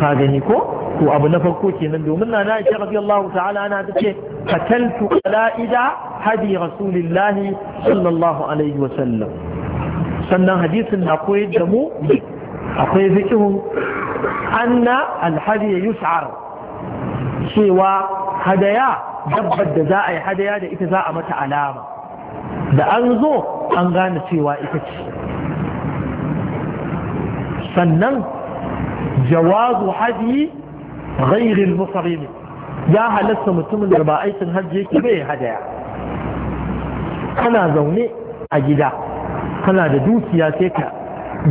ka gani ko to abu na farko kenan domin na na'i ta radiyallahu ta'ala ana ta ce qataltu ala'ida hadi rasulillahi sallallahu alaihi wa sallam sannan hadisin na koyar da mu akwai zikihun anna alhadiya yus'ar cewa hadaya dabbar da za a yi hadaya da ita za a mata alama da an zo an gane cewa ita ce sannan jawazu hadi ghairil musarim ya halasta mutumin da ba aikin hajji yake bai hadaya kana zaune a gida kana da dukiya sai ka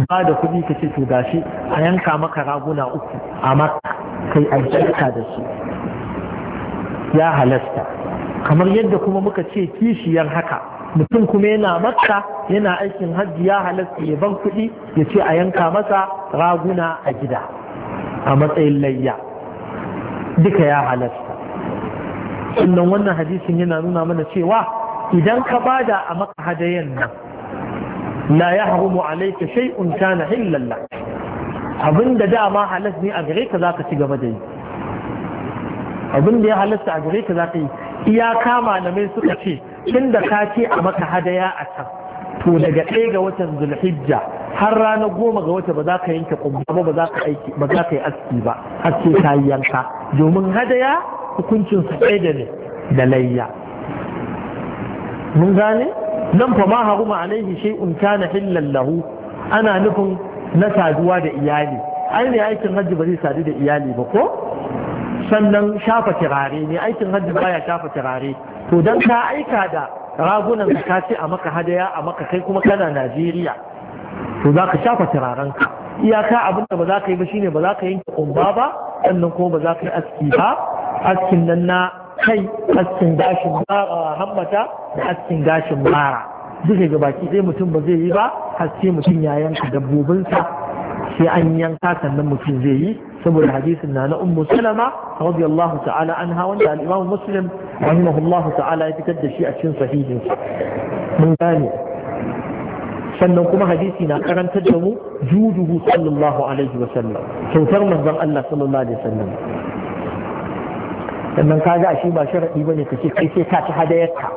ba da kuɗi ka ce to gashi a yanka maka raguna uku a maka kai albarka da su ya halasta kamar yadda kuma muka ce kishiyar haka mutum kuma yana makka yana aikin hajji ya halasta ya ban kuɗi ya ce a yanka masa raguna a gida a matsayin layya duka ya halasta sannan wannan hadisin yana nuna mana cewa idan ka bada a maka hadayen nan la yahrumu alayka shay'un kana hillan lak abinda dama halas ne a gare ka ka ci gaba da yi abinda ya halasta a gare ka ka yi iyaka malamai suka ce da ka ce a maka hadaya a can to daga ɗaya ga watan zulhijja har ranar goma ga wata ba za ka yanke kuma ba ba za ka aiki ba za ka yi aski ba har sai ka yi yanka domin hadaya hukuncin su ɗaya da ne da layya mun gane nan fa ma haruma alaihi shay'un kana hillan lahu ana nufin na saduwa da iyali ai ne aikin hajji ba zai sadu da iyali ba ko sannan shafa turare ne aikin hajji baya shafa turare to dan ka aika da ragunan ka kace a maka hadaya a maka kai kuma kana Najeriya to za ka shafa turaren ka iyaka abin da ba za ka yi ba shine ba za ka yanke kumba ba sannan kuma ba za ka yi aski ba askin nan na kai haskin gashin bara hammata da haskin gashin mara duk da baki sai mutum ba zai yi ba haske mutum ya yanka dabbobinsa sai an yanka sannan mutum zai yi saboda hadisin na na ummu salama radiyallahu ta'ala an anha wanda al-imam muslim rahimahullahu ta'ala ya fitar da shi a cikin sahihin mun gane sannan kuma hadisi na karantar da mu juduhu sallallahu alaihi wa sallam kyautar manzon Allah sallallahu alaihi wa sallam sannan ka ga shi ba sharaɗi ne ka ce kai sai ka ci hadayarka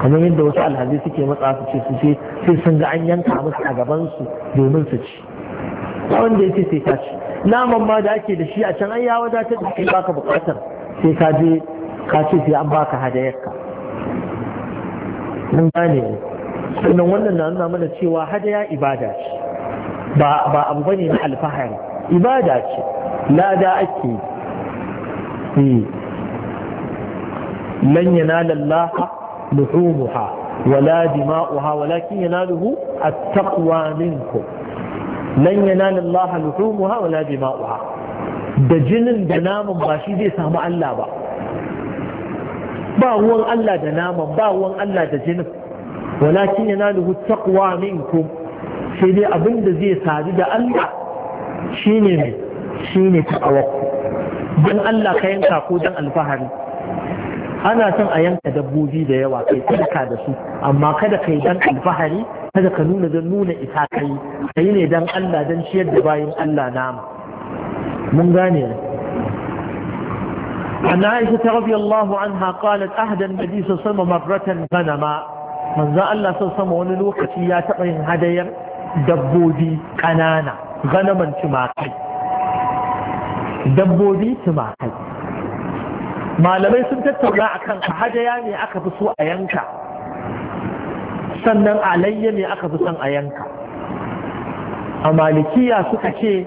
kamar yadda wasu alhazi suke matsa su ce su ce sai sun ga an yanka musu a gaban su domin su ci ba wanda ya ce sai ka ci naman ma da ake da shi a can an ya wadatar da kai baka bukatar sai ka je ka ce sai an baka hadayarka mun gane sannan wannan na nuna mana cewa hadaya ibada ce ba abu bane na alfahari ibada ce lada ake yi lan yanala Allah luhumuha wala dima'uha walakin yanaluhu at-taqwa minkum lan yanala Allah luhumuha wala dima'uha da jinin da naman ba shi zai samu Allah ba ba ruwan Allah da naman ba ruwan Allah da jinin walakin yanaluhu at-taqwa minkum sai dai abin da zai sadu da Allah shine ne shine don Allah ka yanka ko don alfahari ana son a yanka dabbobi da yawa kai tsarka da su amma kada kai dan alfahari kada ka nuna don nuna ita kai kai ne dan Allah dan ciyar da bayin Allah nama mun gane عن عائشة رضي الله عنها قالت أهدى النبي صلى الله عليه وسلم مرة غنما من ذا الله صلى الله عليه وسلم ونلوك في ياتقين هدير دبودي قنانا غنما تماكي dabbobi su ma kai malamai sun tattauna a kan hajjaya ne aka fi so a yanka sannan alayya ne aka fi son a yanka a malikiya suka ce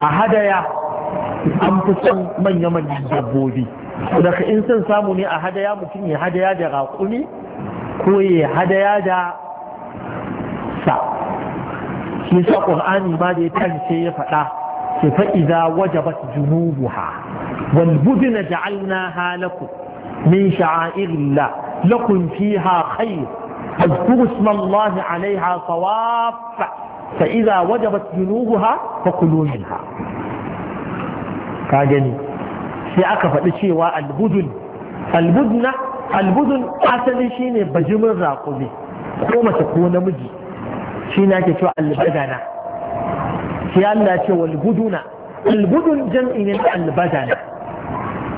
a hadaya an fi son manya-manyan dabbobi daga in son samu ne a hadaya mutum ya hadaya da raƙuni ko ya hadaya da sa shi sa ƙur'ani ma da ya tashi ya faɗa ce fa'iza wajabat junubuha wal budna ja'alnaha lakum min sha'airillah lakum fiha khair اذكروا اسم الله عليها صواف فإذا وجبت جنوبها فكلوا منها كاجني sai aka faɗi cewa albudun albudna asali shine bajimin raƙumi ko mace ko namiji shine ake cewa albadana sai Allah ce wal buduna al budun jam'i ne al badana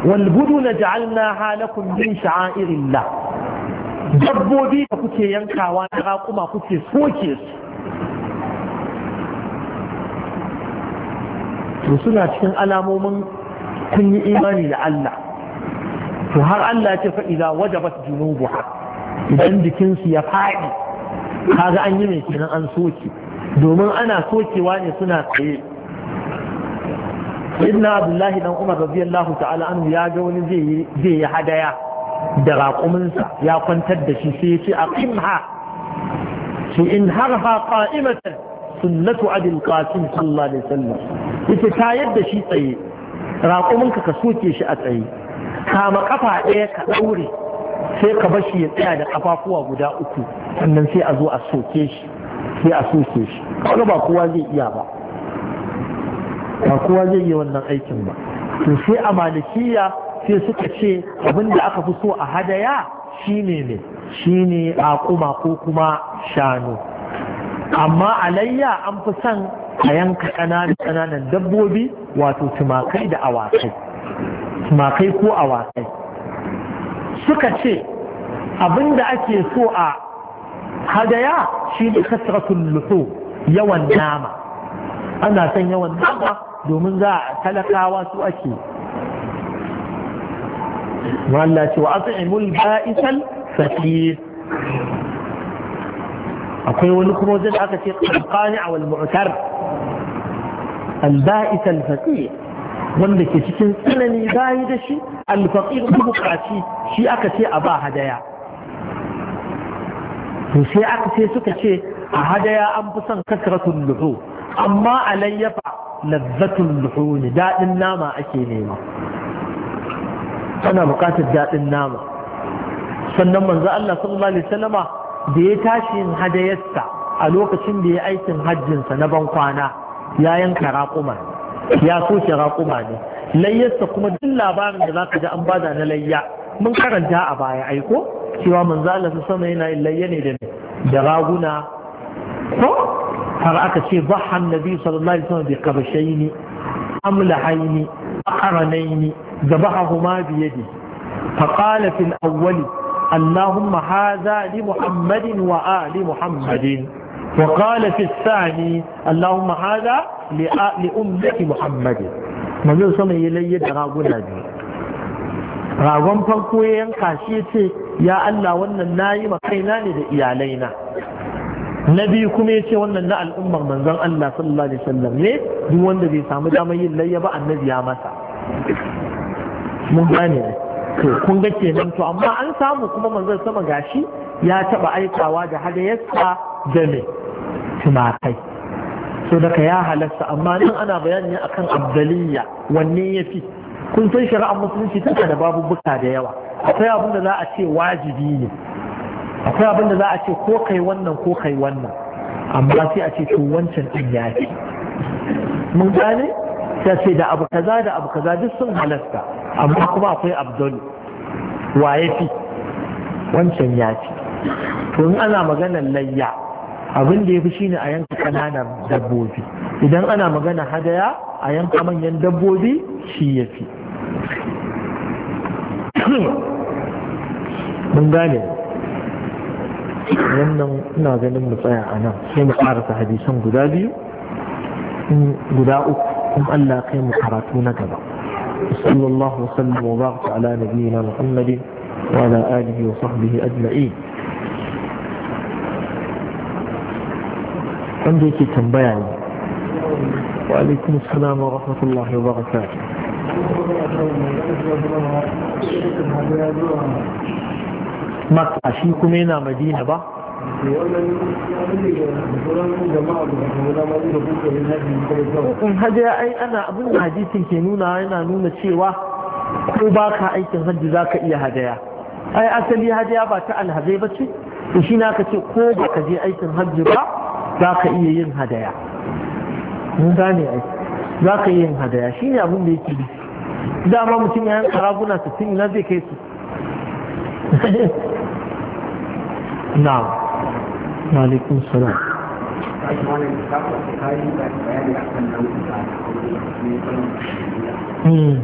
wal buduna ja'alnaha lakum min sha'airillah dabbobi da kuke yankawa na raƙuma kuke soke su to suna cikin alamomin kun yi imani da Allah to har Allah ce fa'iza wajabat junubuha idan jikinsu ya faɗi kaga an yi mai kenan an soke domin ana sokewa ne suna tsaye ibn abdullahi dan umar radiyallahu ta'ala anhu ya ga wani zai yi hadaya da raƙuminsa ya kwantar da shi sai ya ce a qimha shi in harha qa'imatan sunnatu adil qasim sallallahu alaihi wasallam yace ta yadda shi tsaye raƙuminka ka soke shi a tsaye kama kafa ɗaya ka ɗaure sai ka bashi ya tsaya da ƙafafuwa guda uku sannan sai a zo a soke shi sai a soke shi kuma ba kowa zai iya ba ba kowa zai iya wannan aikin ba to sai a malikiya sai suka ce abin da aka fi so a hadaya shine ne shine akuma ko kuma shanu amma alayya an fi son a yanka ƙananan dabbobi wato tumakai da awakai tumakai ko awakai suka ce abin ake so a hadaya shine kasratul lusu yawan nama ana son yawan nama domin za a talakawa su ake Allah ce wa as'imul ba'isal fakir akwai wani kuma wajen aka ce qanqani wal mu'tar al ba'isal fakir wanda ke cikin tsanani bayi da shi al faqir bukaci shi aka ce a ba hadaya to sai aka ce suka ce a hadaya an fi son kasratun luhu amma alayyafa lazzatun luhu ne daɗin nama ake nema ana buƙatar daɗin nama sannan manzo Allah sallallahu alaihi wasallama da ya tashi yin hadayarsa a lokacin da ya aikin hajjinsa na ban kwana ya yanka raƙuma ya soke raƙuma ne layyarsa kuma duk labarin da zaka ji an bada na layya mun karanta a baya aiko cewa manzo Allah sallallahu alaihi wasallama yana layya ne da raguna ko har aka ce zaha annabi sallallahu alaihi wasallam bi qabshaini amlahaini aqranaini ذبحهما بيده فقال في الأول اللهم هذا لمحمد وآل محمد وقال في الثاني اللهم هذا لأمة محمد manzon sama ya layyar da raguna biyu ragon farko ya yanka shi ce ya Allah wannan nayi ma kaina ne da iyalaina na biyu kuma ya ce wannan na al'ummar manzon Allah sallallahu alaihi wasallam ne duk wanda bai samu damar yin layya ba annabi ya masa mun gane to kun ga kenan to amma an samu kuma manzon sama gashi ya taba aikawa da hadayarsa da me tumakai so daga ya halasta amma nan ana bayani akan abdaliya wanne fi? kun san shari'ar musulunci tana da buka da yawa akwai abin da za a ce wajibi ne akwai abin da za a ce ko kai wannan ko kai wannan amma sai a ce to wancan din ya ce mun gane sai ce da abu kaza da abu kaza duk sun halasta amma kuma akwai abdul wa yafi fi wancan ya ce to in ana maganar layya abin da ya shine a yanka kananan dabbobi idan ana magana hadaya a yanka manyan dabbobi shi ya mun gane wannan ina ganin mu tsaya a nan sai mu karasa hadisan guda biyu guda uku kuma Allah kai mu karatu na gaba sallallahu alaihi صلى الله ala nabiyina على نبينا محمد وعلى آله وصحبه أجمعين wanda yake tambaya ne wa alaikum assalam wa rahmatullahi wa barakatuh maka shi kuma yana madina ba in hajji ai ana abin da hadisin ke nuna yana nuna cewa ko ba ka aikin hajji za ka iya hadaya ai asali hadaya ba ta alhazai ba ce to shi na ka ce ko ba ka je aikin hajji ba za ka iya yin hadaya mun gane ai za ka iya yin hadaya shi ne abin da yake dama mutum ya yanka raguna 60 ina zai kai su na'am alaikun salam hmm.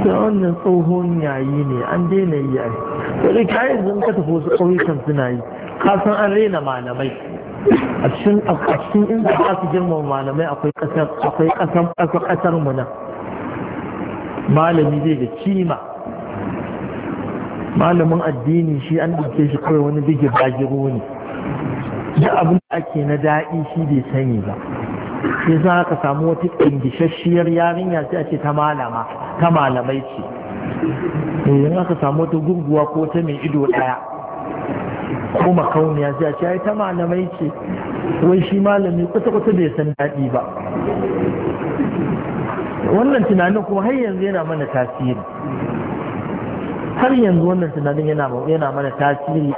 da wannan tsohon yayi ne an daina yi sai kayan yanzu ka tafi wasu ƙauyukan suna yi kasan an rena malamai a cikin inda su girmama malamai akwai ƙasar akwai ƙasar malami zai da kima malamin addini shi an ɗauke shi kawai wani bige bagiro ne da abin da ake na daɗi shi bai sani ba sai za ka samu wata ƙungishashiyar yarinya sai a ce ta malama ta malamai ce Eh, in aka samu wata gurguwa ko ta mai ido ɗaya ko makauniya sai a ce ai ta malamai ce wai shi malami kwata-kwata bai san daɗi ba wannan tunanin kuma har yanzu yana mana tasiri har yanzu wannan tunanin yana mana tasiri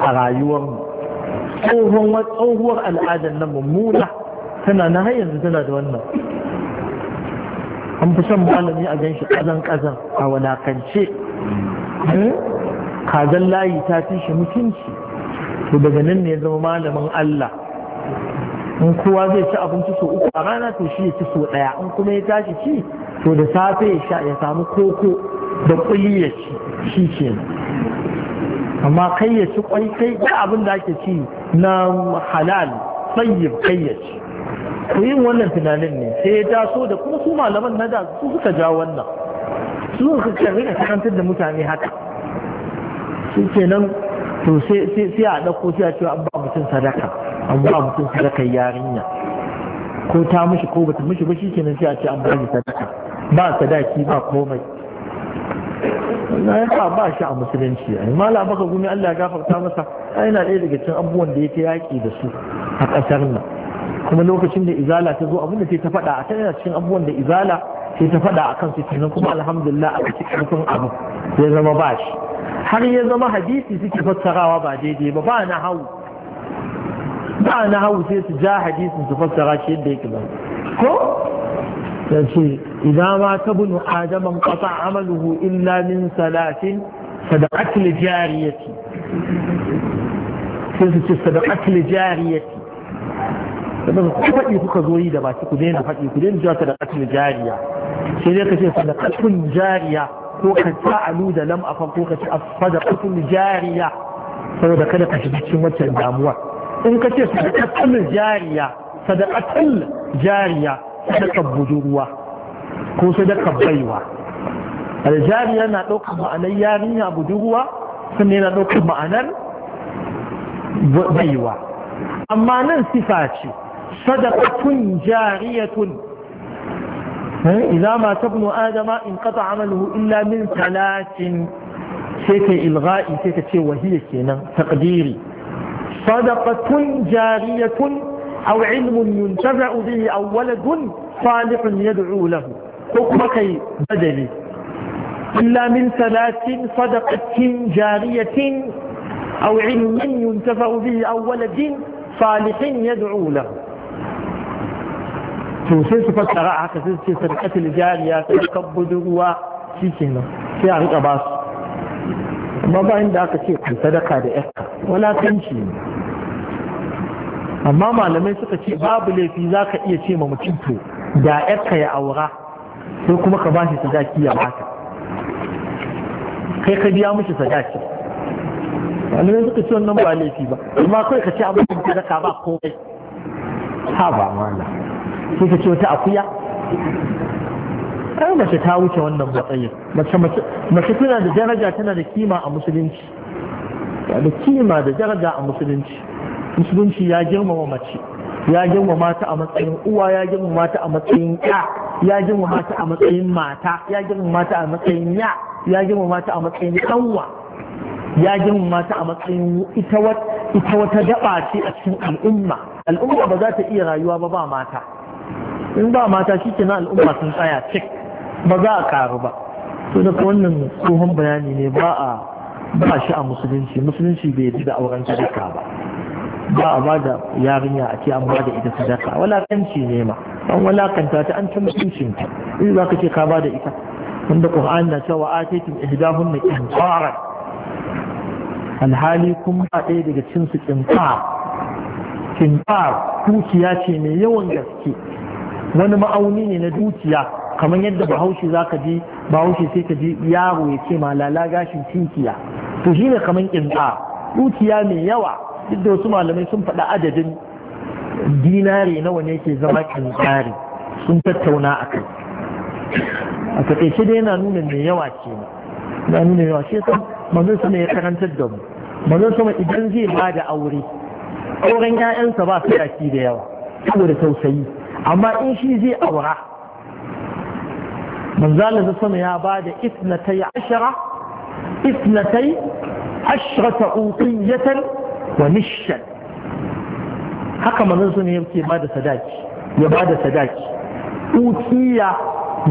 a rayuwarmu tsohuwar al'adar nan mummuna tana na har yanzu tana da wannan an fi son malami a gan shi kazan kazan a walakance eh? kazan layi ta fi shi mutunci to daga nan ne zama malamin Allah in kowa zai ci abinci sau uku a rana to shi ya ci sau ɗaya in kuma ya tashi ci to da safe ya sha ya samu koko da kuli ya ci shi ke amma kai ya ci kwai kai da abin da ake ci na halal sayyib kai ya ci ku yin wannan tunanin ne sai ya taso da kuma su malaman na da su suka ja wannan su suka karbi a karantar da mutane haka su ke nan to sai a ɗauko sai a cewa an ba mutum sadaka an ba mutum sadaka yarinya ko ta mishi ko bata mishi ba shi ke nan sai a ce an ba sadaka ba sadaki ba komai na ya sa ba shi a musulunci a mala baka gumi Allah ya gafarta masa ai na ɗaya daga cikin abubuwan da yake yaƙi da su a ƙasar nan kuma lokacin da izala ta zo abinda ke ta fada a tana cikin abubuwan da izala ke ta fada a kansu sannan kuma alhamdulillah a cikin karfin abu ya zama ba shi har ya zama hadisi suke fassarawa ba daidai ba ba na hau ba na hau sai su ja hadisin su fassara shi yadda yake ba ko yace ce idan ma ta bunu adaman qata amaluhu illa min salatin sadaqatil jariyati sai su ce sadaqatil jariyati sannan ku faɗi kuka zo yi da baki ku daina faɗi ku daina jiwa da ƙasar jariya sai dai ka ce da ƙasar jariya ko ka ta alu da lam afa ko ka ce ƙasar jariya saboda kada ka shiga cikin wancan damuwa in ka ce da ƙasar jariya sadaqatun jariya sadaqar budurwa ko sadaqar baiwa aljariya na ɗaukar ma'anar yarinya budurwa sannan yana ɗaukar ma'anar baiwa amma nan sifa ce صدقة جارية إذا مات ابن آدم انقطع عمله إلا من ثلاث سيت إلغاء سيت شيء وهي سينا تقديري صدقة جارية أو علم ينتفع به أو ولد صالح يدعو له حكمك بدلي إلا من ثلاث صدقة جارية أو علم ينتفع به أو ولد صالح يدعو له to sai su fassara a haka sai su ce sadaqatul jariya kan budurwa nan, sai a rika ba su amma bayan da aka ce kan sadaka da yakka ce ne amma malamai suka ce babu laifi za ka iya ce ma mutum to da yakka ya aura sai kuma ka ba shi sadaki ya mata, kai ka biya mishi sadaki malamai suka ce wannan ba laifi ba amma kawai ka ce a mutum sadaka ba komai ha ba mana sai ka ce wata akuya ai mace ta wuce wannan matsayin mace tana da daraja tana da kima a musulunci da kima da daraja a musulunci musulunci ya girmama mace ya girmama ta a matsayin uwa ya girmama ta a matsayin ya ya girmama ta a matsayin mata ya girmama ta a matsayin ya ya girmama ta a matsayin kanwa ya girmama ta a matsayin ita wata daba ce a cikin al'umma al'umma ba za ta iya rayuwa ba ba mata in ba mata shi ke na al'umma sun tsaya cik ba za a karu ba to daga wannan tsohon bayani ne ba a ba shi a musulunci musulunci bai yi da auren sadaka ba ba a ba da yarinya a ce an ba da ita sadaka walakanci ne ma an walakanta ta an ta mutuncinta in za ka ce ka ba da ita wanda ƙur'an na cewa ataitum ƙin qintara alhali kun ba ɗaya daga cin su qintar qintar ce mai yawan gaske wani ma'auni ne na dukiya kamar yadda bahaushe za ka ji bahaushe sai ka ji yaro ya ce malala gashin cinkiya to ne kamar kinta dukiya mai yawa duk da wasu malamai sun faɗa adadin dinare nawa ne ke zama kintari sun tattauna a kai a taƙaice dai yana nuna mai yawa ce na nuna yawa shi san manzon sama ya karantar da mu manzon sama idan zai ba da aure auren 'ya'yansa ba su da yawa saboda tausayi amma in shi zai aura manzala da sama ya ba da isnatai ashara isnatai ashrata utiyatan wa nishan haka manzon sun yake ba da sadaki ya ba da sadaki utiya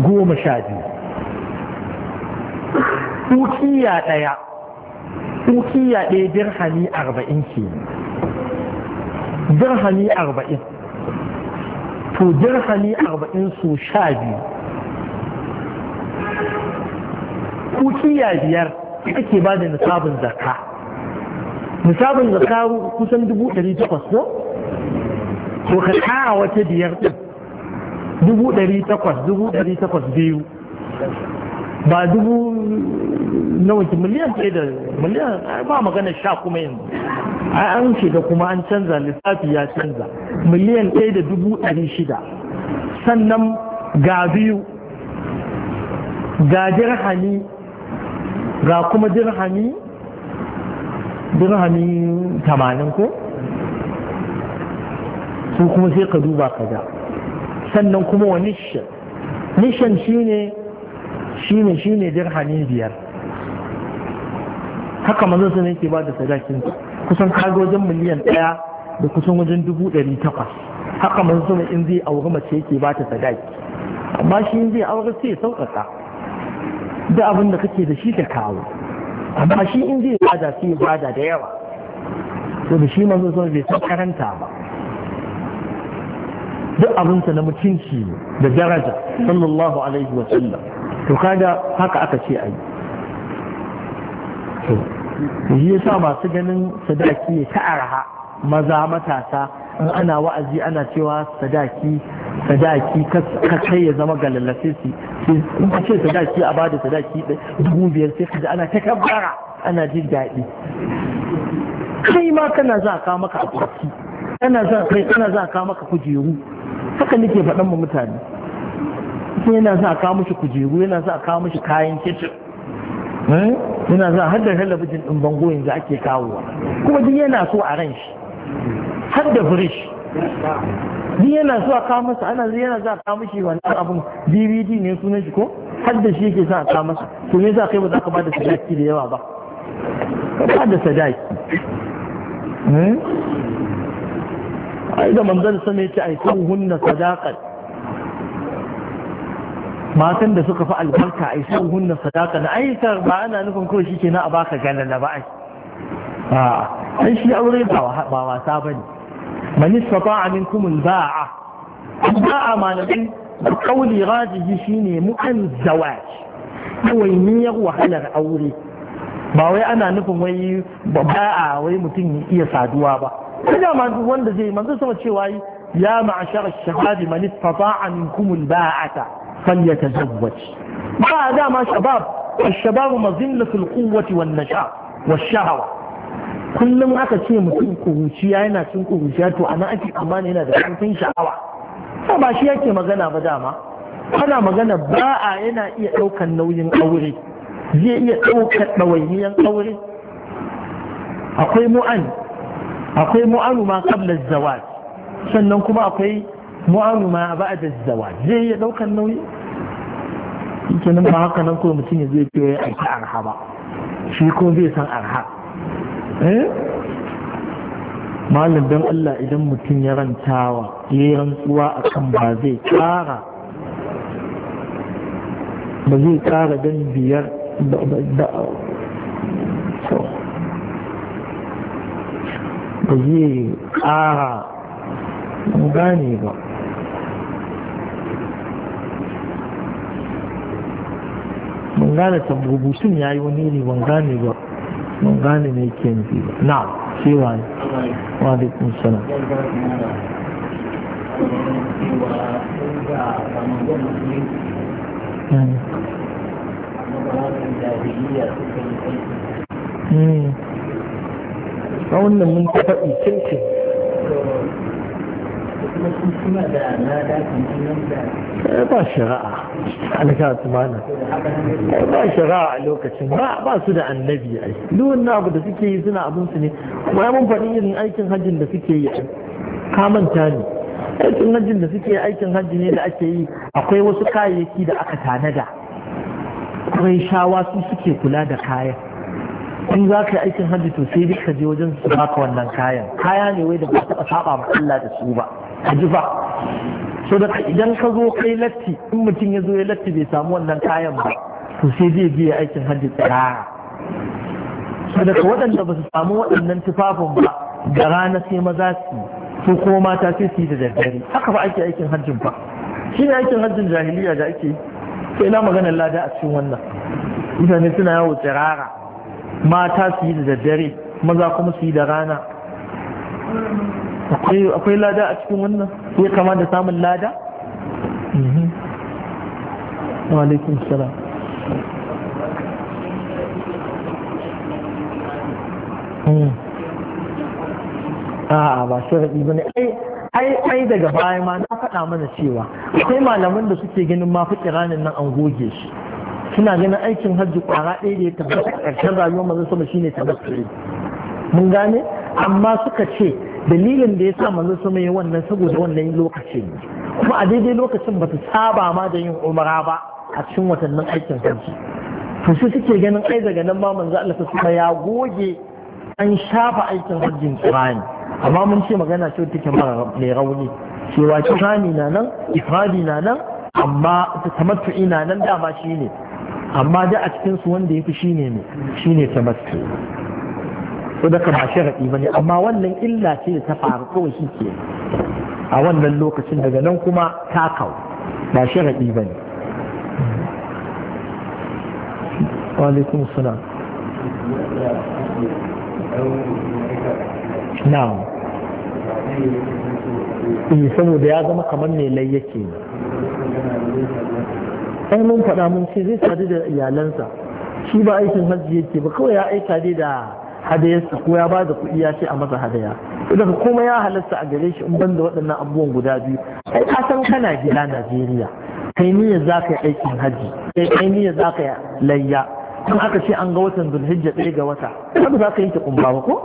goma sha biyu utiya ɗaya ukiya ɗaya dirhami arba'in ke dirhami arba'in to dirhami arba'in su sha biyu kukiya biyar ake ba da nisabin zakka nisabin zakka kusan dubu ɗari takwas ko Ko ka kara wata biyar ɗin dubu ɗari takwas dubu ɗari takwas biyu ba dubu na wace miliyan ɗaya da miliyan ba magana sha kuma yanzu ai an shiga kuma an canza lissafi ya canza miliyan ɗaya da dubu ɗari shida sannan ga biyu ga dirhami ga kuma dirhami dirhami tamanin ko su kuma sai ka duba ka ga sannan kuma wa nishan nishan shine shine shine dirhami biyar haka manzo sun yake ba da sadakin kusan kagojin wajen miliyan ɗaya da kusan wajen dubu ɗari takwas haka manzo sun in zai auri mace yake ba ta sadaki amma shi in zai auri sai sauƙaƙa da abin da kake da shi ka kawo amma shi in zai bada sai bada da yawa to da shi manzo sun bai san karanta ba duk abinsa na mutunci da daraja sallallahu alaihi wa sallam to kaga haka aka ce a yi yi yasa masu ganin sadaki ta araha maza matasa in ana wa'azi ana cewa sadaki sadaki kai ya zama galalace su in ka ce sadaki a bada sadaki dubu biyar sai kaji ana ta kabbara ana jin daɗi kai ma kana za ka maka akwati kana za kai kana za ka maka kujeru haka nake faɗan mu mutane kuma yana sa a kawo mishi kujeru yana sa a kawo mishi kayan kicin eh? yana za haddar da jin ɗin bango yanzu ake kawowa kuma duk yana so a ran shi har da firish duk yana so a kawo masa ana yana za a kawo mishi wannan abin dvd ne sunan shi ko har shi yake sa a kawo masa to me za kai ba za ka ba da sadaki da yawa ba ba da sadaki eh? ai da manzon sama yace ai kun hunna sadaqat matan da suka fi albarka a isan hunna sadaka na aikar ba ana nufin kawai shi ke na a baka galala ba ai an shi aure ba wasa ba ne mani saba amin kumun ba'a ba'a malamin kauli rajihi shi ne mu'an zawaj kawai niyyar wahalar aure ba wai ana nufin wai ba'a wai mutum iya saduwa ba kada ma duk wanda zai manzo sama cewa ya ma'ashar shababi man istata'a minkum al ta. فليتزوج ما دام شباب الشباب مظلة القوة والنشاط والشهوة kullum aka ce mutum kuruciya yana cin kuruciya to ana ake amana yana da ƙarfin sha'awa ba ba shi yake magana ba dama ana magana ba yana iya ɗaukan nauyin aure zai iya ɗaukar ɗawainiyan aure akwai mu'an akwai mu'anu ma qabla zawaj sannan kuma akwai mu'aru ma ba a zai iya ɗaukan nauyi yake nan ba haka nan kuma mutum ya zai ce ya aiki arha ba shi ko zai san arha eh? malam dan Allah idan mutum ya rantawa ya yi rantsuwa a kan ba zai kara, ba zai kara don biyar da ba zai ƙara gane ba mun gane rubutun ya yi wani iri ban gane ba ban gane mai ke nufi ba na sai wa ne wa da kun sana a wannan mun ta faɗi cincin Eh, ba shari'a alka tumana ba shari'a a lokacin ba su da annabi ai duwan abu da suke yi suna abin su ne kuma ya mun faɗi irin aikin hajjin da suke yi ka manta ne aikin hajjin da suke yi aikin hajji ne da ake yi akwai wasu kayayyaki da aka tanada akwai shawa su suke kula da kayan in za ka yi aikin hajji to sai duk ka je wajen su baka wannan kayan kaya ne wai da ba taɓa saba ma Allah da su ba a ba so da idan ka zo kai latti in mutum ya zo ya latti bai samu wannan kayan ba to sai zai biya aikin hajji tsirara so daga waɗanda ba su samu waɗannan tufafin ba da rana sai maza su su kuma mata sai su yi da daddare haka ba ake aikin hajjin ba shi ne aikin hajjin jahiliya da ake sai na maganar lada a cikin wannan mutane suna yawo tsirara mata su yi da daddare maza kuma su yi da rana akwai lada a cikin wannan ya kama da samun lada? Mhm. walaikun shara mm. a ba sharaɗi ba ne ai daga baya ma na faɗa mana cewa akwai malaman da suke ganin mafi ƙiranin nan an goge shi suna ganin aikin hajji ƙwara ɗaya da ya tabbata ƙarshen rayuwar mazan sama shine tabbata mun gane amma suka ce dalilin da ya sa manzo sama yi wannan saboda wannan lokacin kuma a daidai lokacin ba ta saba ma da yin umara ba a cikin watannin aikin hajji to su suke ganin ai daga nan ma manzo Allah ta ya goge an shafa aikin hajjin kirani amma mun ce magana ce take mai rauni cewa kirani na nan ifradi na nan amma ta tamattu na nan dama shine amma da a cikin su wanda yafi shine ne shine tamattu so daga ba sharaɗi bane, amma wannan illa ce da ta faru kawai shi ke a wannan lokacin daga nan kuma ta kawo ba sharaɗi bane. ne alaikum na'am in eh, saboda ya zama kamar ne lai ne ɗan mun faɗa mun ce zai sadu da iyalansa shi ba aikin hajji yake ba kawai ya aika dai da hadayarsa ko ya bada kuɗi ya ce a masa hadaya idan kuma ya halarta a gare shi in ban da waɗannan abubuwan guda biyu kai ka san kana gida Najeriya kai niyya za ka yi aikin haji kai kai niyya za ka yi layya in aka ce an ga watan Zulhijja ɗaya ga wata kada za ka yanke kumba ba ko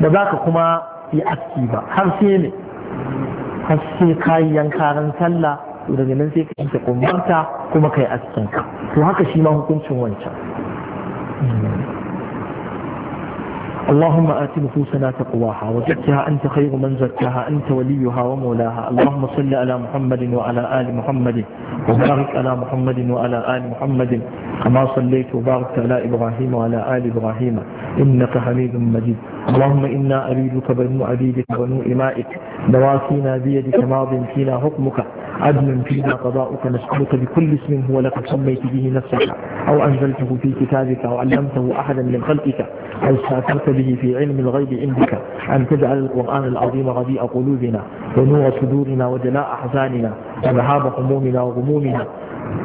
da za ka kuma yi aski ba har sai ne har sai kayan yankaran sallah daga nan sai ka yanke kumbarta kuma ka yi ka to haka shi ma hukuncin wancan hmm. اللهم آت نفوسنا تقواها وزكها أنت خير من زكاها أنت وليها ومولاها اللهم صل على محمد وعلى آل محمد وبارك على محمد وعلى آل محمد كما صليت وباركت على إبراهيم وعلى آل إبراهيم إنك حميد مجيد اللهم إنا أريدك بنو عبيدك بنو إمائك دواسينا بيدك ماض فينا حكمك عدل فينا قضاؤك نسألك بكل اسم هو لك سميت به نفسك أو أنزلته في كتابك أو علمته أحدا من خلقك أو سافرت به في علم الغيب عندك أن تجعل القرآن العظيم ربيع قلوبنا ونور صدورنا وجلاء أحزاننا وذهاب همومنا وغمومنا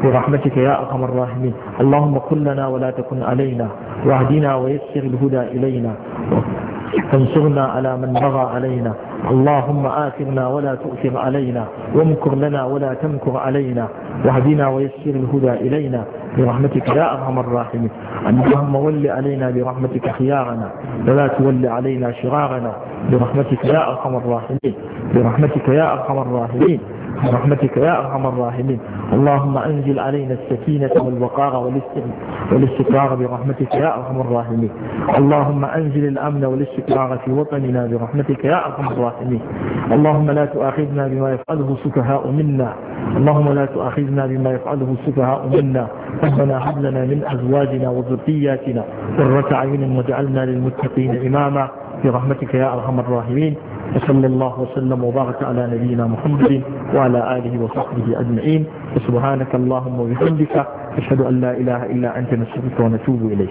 برحمتك يا أرحم الراحمين اللهم كن لنا ولا تكن علينا واهدنا ويسر الهدى إلينا فانصرنا على من بغى علينا اللهم آثرنا ولا تؤثر علينا وامكر لنا ولا تمكر علينا واهدنا ويسر الهدى إلينا برحمتك يا أرحم الراحمين اللهم ول علينا برحمتك خيارنا ولا تول علينا شرارنا برحمتك يا أرحم الراحمين برحمتك يا أرحم الراحمين برحمتك يا أرحم الراحمين اللهم أنزل علينا السكينة والوقار والاستقرار برحمتك يا أرحم الراحمين اللهم أنزل الأمن والاستقرار في وطننا برحمتك يا أرحم الراحمين اللهم لا تؤاخذنا بما يفعله السفهاء منا اللهم لا تؤاخذنا بما يفعله السفهاء منا ربنا هب لنا من أزواجنا وذرياتنا قرة عين واجعلنا للمتقين إماما برحمتك يا أرحم الراحمين وصلى الله وسلم وبارك على نبينا محمد وعلى آله وصحبه أجمعين وسبحانك اللهم وبحمدك أشهد أن لا إله إلا أنت نستغفرك ونتوب إليك